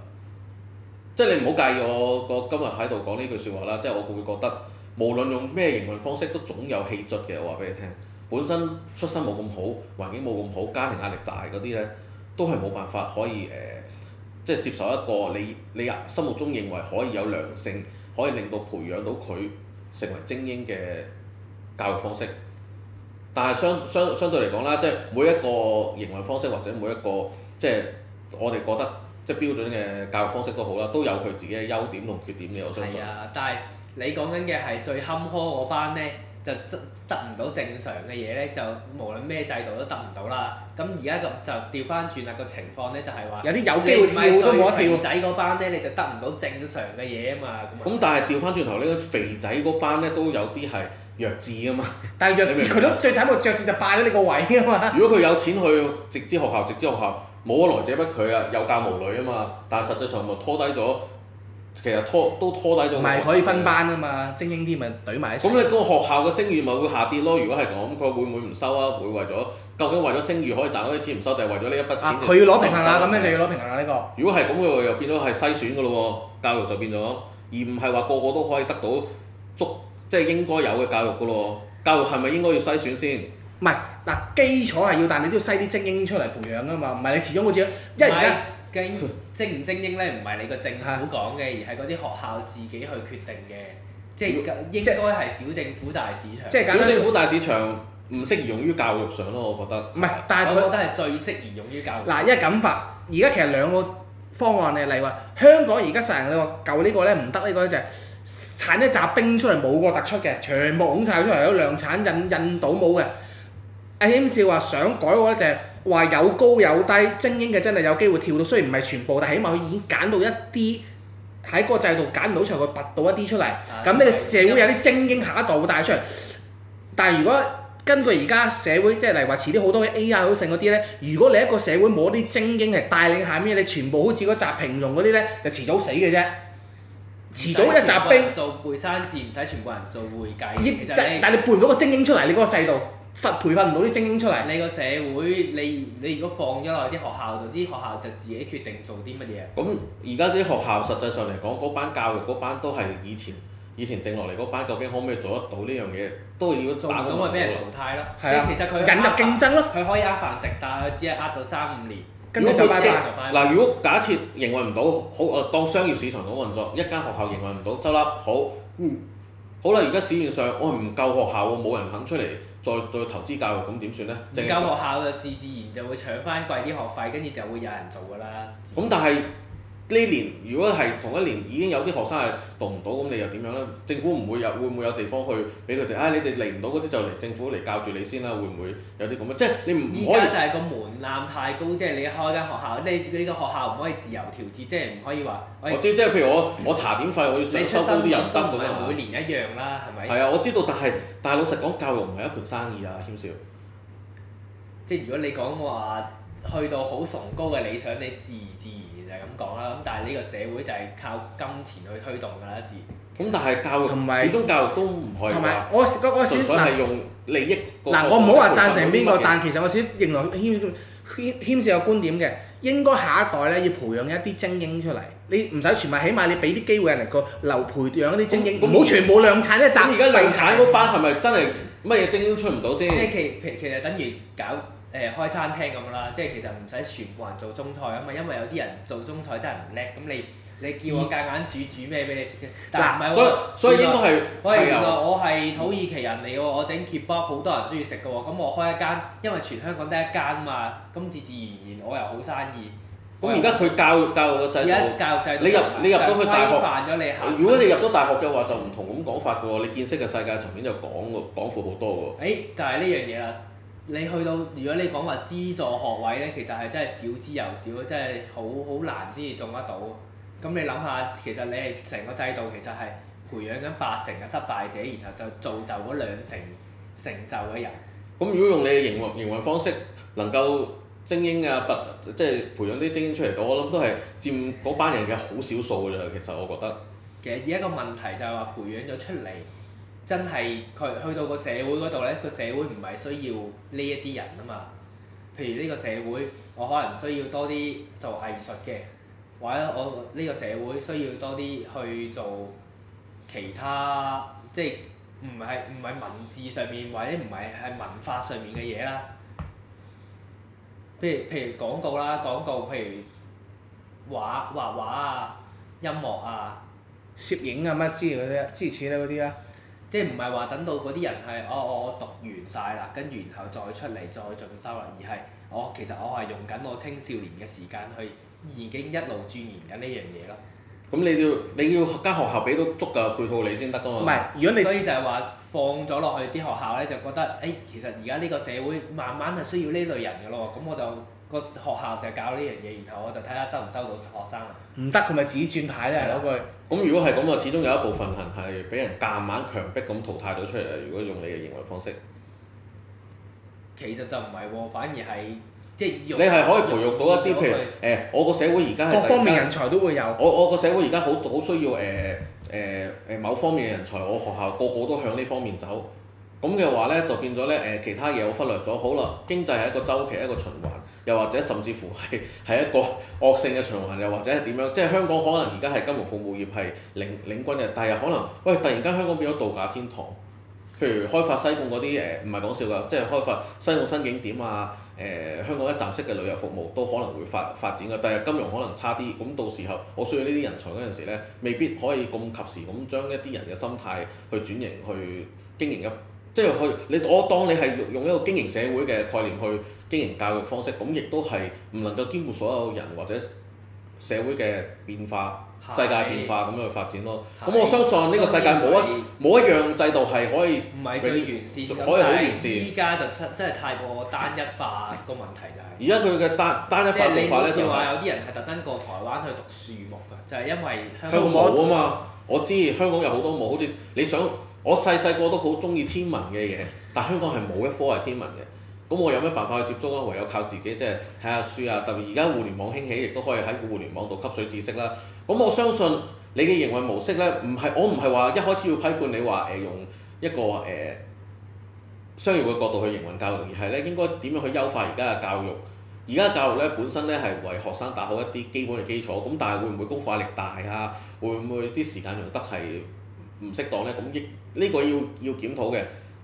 即係你唔好介意我個今日喺度講呢句説話啦。即係我會覺得，無論用咩營運方式，都總有氣質嘅。我話俾你聽。本身出身冇咁好，環境冇咁好，家庭壓力大嗰啲呢，都係冇辦法可以誒、呃，即係接受一個你你心目中認為可以有良性，可以令到培養到佢成為精英嘅教育方式。但係相相相對嚟講啦，即係每一個營運方式或者每一個即係我哋覺得即係標準嘅教育方式都好啦，都有佢自己嘅優點同缺點嘅。我相信，係啊，但係你講緊嘅係最坎坷嗰班呢。就得唔到正常嘅嘢咧，就無論咩制度都得唔到啦。咁而家咁就調翻轉啦，個情況咧就係話有啲有機會跳，唔係我肥仔嗰班咧，你就得唔到正常嘅嘢啊嘛。咁但係調翻轉頭呢，肥仔嗰班咧都有啲係弱智啊嘛。但係弱智佢都最慘，個弱智就霸咗你個位啊嘛。如果佢有錢去直資學校，直資學校冇啊，來者不拒啊，有教無類啊嘛。但係實際上咪拖低咗。其實拖都拖低咗，唔係可以分班啊嘛，精英啲咪懟埋一齊，咁你個學校嘅聲譽咪會下跌咯？如果係咁，佢會唔會唔收啊？會為咗究竟為咗聲譽可以賺多啲錢唔收，就係為咗呢一筆錢？佢要攞平衡啊！咁咧就要攞平衡啊！呢、這個。如果係咁嘅話，又變咗係篩選嘅咯喎，教育就變咗，而唔係話個個都可以得到足即係應該有嘅教育嘅咯。教育係咪應該要篩選先？唔係嗱，基礎係要，但係你都要篩啲精英出嚟培養啊嘛。唔係你始終好似一而。因為而家咁精唔精英咧，唔係你個政府講嘅，而係嗰啲學校自己去決定嘅，即係應該係小政府大市場。即係小政府大市場唔適宜用於教育上咯，我覺得。唔係，但係我覺得係最適宜用於教育。嗱，因為咁法，而家其實兩個方案嚟，嚟話香港而家成日你話舊呢個咧唔得，呢、呢個就係產一扎冰出嚟冇個突出嘅，全部拱晒出嚟有量產印印到冇嘅。阿謙笑話想改嗰隻話有高有低，精英嘅真係有機會跳到，雖然唔係全部，但起碼佢已經揀到一啲喺嗰個制度揀唔到出，佢拔到一啲出嚟。咁呢個社會有啲精英下一代會帶出嚟。但係如果根據而家社會，即係例如話遲啲好多嘅 AI 好盛嗰啲咧，如果你一個社會冇一啲精英係帶領下面，你全部好似嗰紮平庸嗰啲咧，就遲早死嘅啫。遲早一集兵做背山字，唔使全部人做會計。會計但係你背嗰個精英出嚟，你嗰個制度。培訓唔到啲精英出嚟，你個社會，你你如果放咗落啲學校度，啲學校就自己決定做啲乜嘢。咁而家啲學校實際上嚟講，嗰班教育嗰班都係以前以前剩落嚟嗰班，究竟可唔可以做得到呢樣嘢？都要打到落嚟。咁咪俾人淘汰咯？係佢引入競爭咯。佢可以呃飯食，但係佢只係呃到三五年。跟住就拜拜。嗱，如果假設營運唔到，好誒，當商業市場咁運作，一間學校營運唔到，執笠好。嗯。好啦，而家市面上我唔夠學校喎，冇人肯出嚟。再再投資教育，咁點算咧？唔教學校就自自然就會搶翻貴啲學費，跟住就會有人做㗎啦。咁但係。呢年如果係同一年已經有啲學生係讀唔到，咁你又點樣咧？政府唔會有，會唔會有地方去俾佢哋？唉、哎，你哋嚟唔到嗰啲就嚟政府嚟教住你先啦，會唔會有啲咁嘅？即係你唔可以。家就係個門檻太高，即、就、係、是、你開間學校，即係呢個學校唔可以自由調節、就是，即係唔可以話。我知，即係譬如我我查點費，我要收多啲人得咁樣。每年一樣啦，係咪？係啊，我知道，但係但係老實講，教育唔係一盤生意啊，謙少。即係如果你講話去到好崇高嘅理想，你自己自然。就係咁講啦，咁但係呢個社會就係靠金錢去推動噶啦，自然。咁但係教育，同埋和始終教育都唔可以。同埋我嗰個選，純粹係用利益嗱，我唔好話贊成邊、那個，但其實我少認同牽牽、牽、牽涉個觀點嘅，應該下一代咧要培養一啲精英出嚟。你唔使全部，起碼你俾啲機會人嚟個留培養啲精英。咁冇全部量產咧，而家量產嗰班係咪真係乜嘢精英出唔到先？即係、okay，其實其實等於搞。誒開餐廳咁啦，即係其實唔使全部人做中菜啊，因為有啲人做中菜真係唔叻，咁你你叫我夾硬煮煮咩俾你食啫？但唔係喎，所以應該係喂原來原來我係土耳其人嚟喎，我整 Kebab 好多人中意食噶喎，咁我開一間，因為全香港得一間嘛，咁自自然然我又好生意。咁而家佢教育教育個仔，而家教育制度你入你入咗去大學，規範咗你。如果你入咗大學嘅話，就唔同咁講法噶喎，嗯、你見識嘅世界層面、哎、就廣廣闊好多喎。誒，但係呢樣嘢啦。你去到，如果你講話資助學位咧，其實係真係少之又少，真係好好難先至中得到。咁你諗下，其實你係成個制度其實係培養緊八成嘅失敗者，然後就造就咗兩成成就嘅人。咁如果用你嘅營運營運方式，能夠精英啊，不即係培養啲精英出嚟，我諗都係佔嗰班人嘅好少數㗎咋。其實我覺得。其實而家個問題就係話培養咗出嚟。真係佢去到個社會嗰度咧，個社會唔係需要呢一啲人啊嘛。譬如呢個社會，我可能需要多啲做藝術嘅，或者我呢個社會需要多啲去做其他，即係唔係唔係文字上面，或者唔係係文化上面嘅嘢啦。譬如譬如廣告啦，廣告譬如畫畫畫啊，音樂啊，攝影啊乜之類嗰啲，諸如此類嗰啲啦。即係唔係話等到嗰啲人係，哦，我我讀完晒啦，跟住然後再出嚟再進修啦，而係我、哦、其實我係用緊我青少年嘅時間去已經一路鑽研緊呢樣嘢咯。咁你要你要間學校俾到足夠嘅配套你先得噶嘛。唔係，如果你所以就係話放咗落去啲學校咧，就覺得，誒、哎、其實而家呢個社會慢慢係需要呢類人噶咯，咁我就、個學校就教呢樣嘢，然後我就睇下收唔收到學生。唔得，佢咪自己轉牌咧係咯佢。咁如果係咁啊，始終有一部分人係俾人夾硬強迫咁淘汰咗出嚟啊！如果用你嘅認為方式，其實就唔係喎，反而係即係。你係可以培育到一啲譬如誒，我個社會而家係各方面人才都會有。我我個社會而家好好需要誒誒誒某方面嘅人才，我學校個個都向呢方面走。咁嘅話咧，就變咗咧誒，其他嘢我忽略咗，好啦，經濟係一個周期，一個循環。又或者甚至乎係係一個惡性嘅循環，又或者係點樣？即係香港可能而家係金融服務業係領領軍嘅，但係可能喂突然間香港變咗度假天堂。譬如開發西貢嗰啲誒，唔係講笑㗎，即係開發西貢新景點啊！誒、呃，香港一站式嘅旅遊服務都可能會發發展㗎，但係金融可能差啲。咁到時候我需要呢啲人才嗰陣時咧，未必可以咁及時咁將一啲人嘅心態去轉型去經營一，即係去你我當你係用一個經營社會嘅概念去，經營教育方式，咁亦都係唔能夠兼顧所有人或者社會嘅變化、是世界變化咁樣去發展咯。咁是我相信呢個世界冇一冇一,一,一樣制度係可以唔係最完善，可以好完善。依家就真真係太過單一化個問題就係、是。而家佢嘅單單一化做法咧就是，即話有啲人係特登過台灣去讀樹木㗎，就係、是、因為香港冇啊嘛。我知香港有好多冇，好似你想，我細細個都好中意天文嘅嘢，但香港係冇一科係天文嘅。咁我有咩辦法去接觸啊？唯有靠自己，即係睇下書啊！特別而家互聯網興起，亦都可以喺互聯網度吸取知識啦。咁我相信你嘅營運模式咧，唔係我唔係話一開始要批判你話誒、呃、用一個誒、呃、商業嘅角度去營運教育，而係咧應該點樣去優化而家嘅教育？而家教育咧本身咧係為學生打好一啲基本嘅基礎，咁但係會唔會功課壓力大啊？會唔會啲時間用得係唔適當咧？咁呢個要要檢討嘅。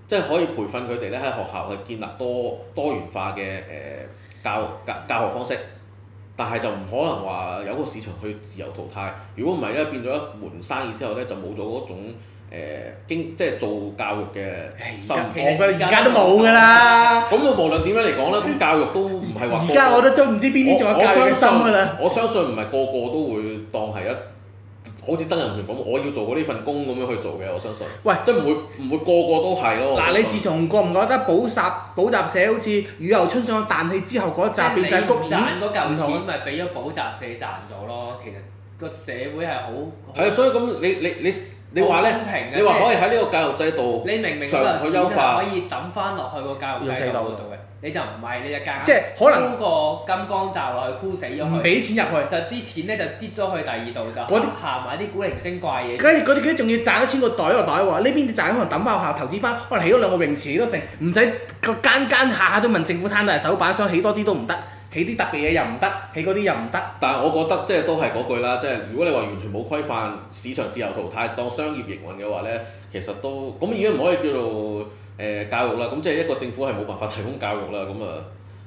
即係可以培訓佢哋咧喺學校去建立多多元化嘅誒教育教教學方式，但係就唔可能話有個市場去自由淘汰。如果唔係咧，變咗一門生意之後咧，就冇咗嗰種誒、呃、經即係做教育嘅心。在在我嘅而家都冇㗎啦。咁啊，無論點樣嚟講咧，教育都唔係話。而家我都都唔知邊啲仲有教育心㗎啦。我相信唔係個個都會當係一。好似真人唔同咁，我要做過呢份工咁樣去做嘅，我相信。喂，即係唔會唔會個個都係咯。嗱，你自從覺唔覺得補習補習社好似雨後春筍彈起之後嗰一，那個、集變曬谷麪？唔、欸、嗰嚿錢咪俾咗補習社賺咗咯？其實個社會係好。係啊，所以咁你你你你話咧？公平嘅。你話可以喺呢個教育制度你明明上去優化。可以揼翻落去個教育制度度嘅。你就唔係呢一間，即係可能箍個金光罩落去箍死咗，唔俾錢入去，去就啲錢咧就擠咗去第二度就，行埋啲古靈精怪嘢。跟住嗰啲佢仲要賺一千個袋落袋喎，呢邊你賺可能抌翻落投資翻，可能起咗兩個泳池都成，唔使間間下下都問政府攤大手板，想起多啲都唔得，起啲特別嘢又唔得，起嗰啲又唔得。但係我覺得即係都係嗰句啦，即係如果你話完全冇規範，市場自由淘汰當商業營運嘅話咧，其實都咁已經唔可以叫做。誒、呃、教育啦，咁即係一個政府係冇辦法提供教育啦，咁啊，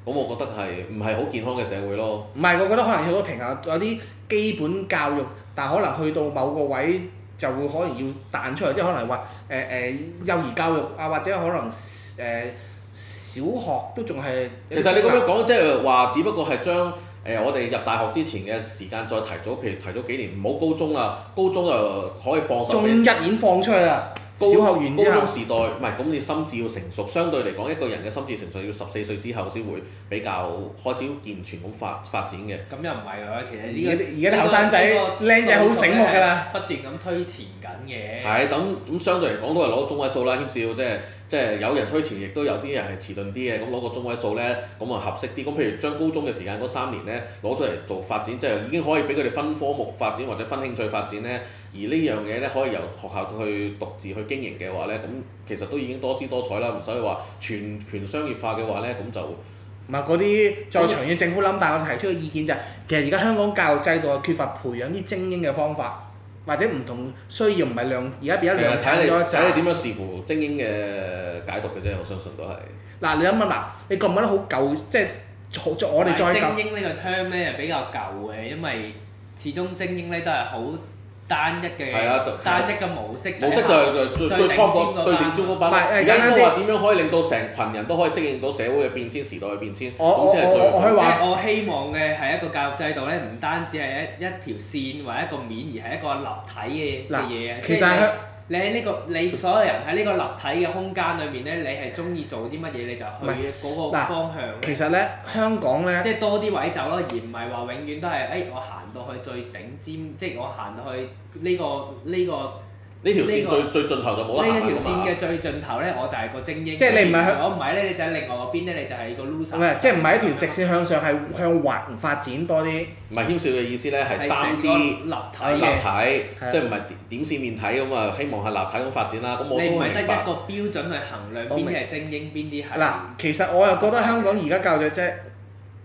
咁我覺得係唔係好健康嘅社會咯？唔係，我覺得可能有個平衡，有啲基本教育，但可能去到某個位就會可能要彈出嚟，即係可能話誒誒幼兒教育啊，或者可能誒、呃、小學都仲係。其實你咁樣講，即係話，只不過係將誒我哋入大學之前嘅時間再提早，譬如提早幾年，唔好高中啦，高中啊可以放手。仲一眼放出去啊！小學完之後，高中時代唔係咁，嗯、你心智要成熟。相對嚟講，一個人嘅心智成熟要十四歲之後先會比較開始健全咁發發展嘅。咁又唔係喎，其實而家啲後生仔靚仔好醒目㗎啦。不斷咁推前緊嘅。係，咁咁相對嚟講都係攞中位數啦，啲少即係即係有人推前，亦都有啲人係遲鈍啲嘅。咁攞個中位數咧，咁啊合適啲。咁譬如將高中嘅時間嗰三年咧，攞咗嚟做發展，即係已經可以俾佢哋分科目發展或者分興趣發展咧。而呢樣嘢咧，可以由學校去獨自去經營嘅話咧，咁其實都已經多姿多彩啦。唔使話全權商業化嘅話咧，咁就唔係嗰啲再長遠政府諗，但係我提出嘅意見就係、是，其實而家香港教育制度係缺乏培養啲精英嘅方法，或者唔同需要唔係量，而家變咗量產咗一隻。睇你點樣視乎精英嘅解讀嘅啫，我相信都係。嗱，你諗下嗱，你覺唔覺得好舊？即係我哋再精英呢個 term 咧，係比較舊嘅，因為始終精英咧都係好。單一嘅，啊、單一嘅模式，模式就係最最頂尖對頂尖嗰班。唔係是，係點樣？點樣可以令到成群人都可以適應到社會嘅變遷、時代嘅變遷？咁先係最好。我我我，即係我，我，我，我，我希望嘅係一個教育制度咧，唔單止係一一條線或者一個面，而係一個立體嘅嘢嘢。其實。其實你喺呢個，你所有人喺呢個立體嘅空間裏面咧，你係中意做啲乜嘢，你就去嗰個方向。其實咧，香港咧，即係多啲位走咯，而唔係話永遠都係，哎，我行到去最頂尖，即係我行到去呢個呢個。呢個呢條線最最盡頭就冇啦，呢條線嘅最盡頭咧，我就係個精英。即係你唔係我唔係咧，你就係另外嗰邊咧，你就係個 loser。即係唔係一條直線向上，係向橫發展多啲。唔係謙少嘅意思咧，係三 D 立體嘅，即係唔係點線面體咁啊？希望係立體咁發展啦。咁我唔係得一個標準去衡量邊啲係精英，邊啲係？嗱，其實我又覺得香港而家教嘅即係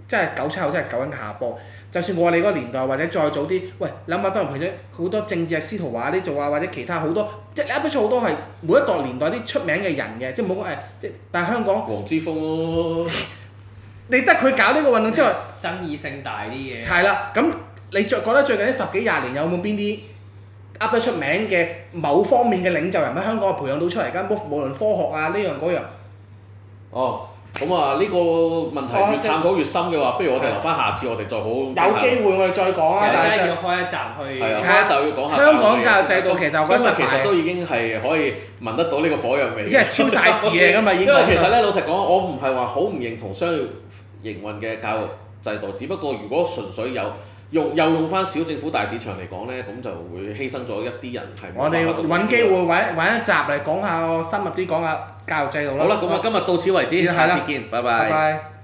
即係九七後即係九斤下坡。就算我哋嗰個年代或者再早啲，喂，諗下都係其實好多政治司徒華啲做啊，或者其他好多，即係諗得出好多係每一代年代啲出名嘅人嘅，即係冇講誒，即係但係香港，黃之鋒咯，你得佢搞呢個運動之外，爭議性大啲嘅，係啦，咁你最覺得最近呢十幾廿年有冇邊啲噏得出名嘅某方面嘅領袖人喺香港培養到出嚟？根本無論科學啊呢樣嗰樣，哦。咁啊，呢個問題越探討越深嘅話，不如我哋留翻下，下次，我哋再好。有機會我哋再講啊，但係真係要開一集去。係啊的，就係的要講下香港教育制度，其實我覺得其實都已經係可以聞得到呢個火藥味。因為超曬時嘅咁啊， 因為其實咧的老實講，我唔係話好唔認同商業營運嘅教育制度，只不過如果純粹有用又用翻小政府大市場嚟講咧，咁就會犧牲咗一啲人係。我哋揾機會揾揾一集嚟講下，深入啲講下。教育制度啦。好啦了，咁啊我，今日到此為止，下次見，拜拜。拜拜拜拜。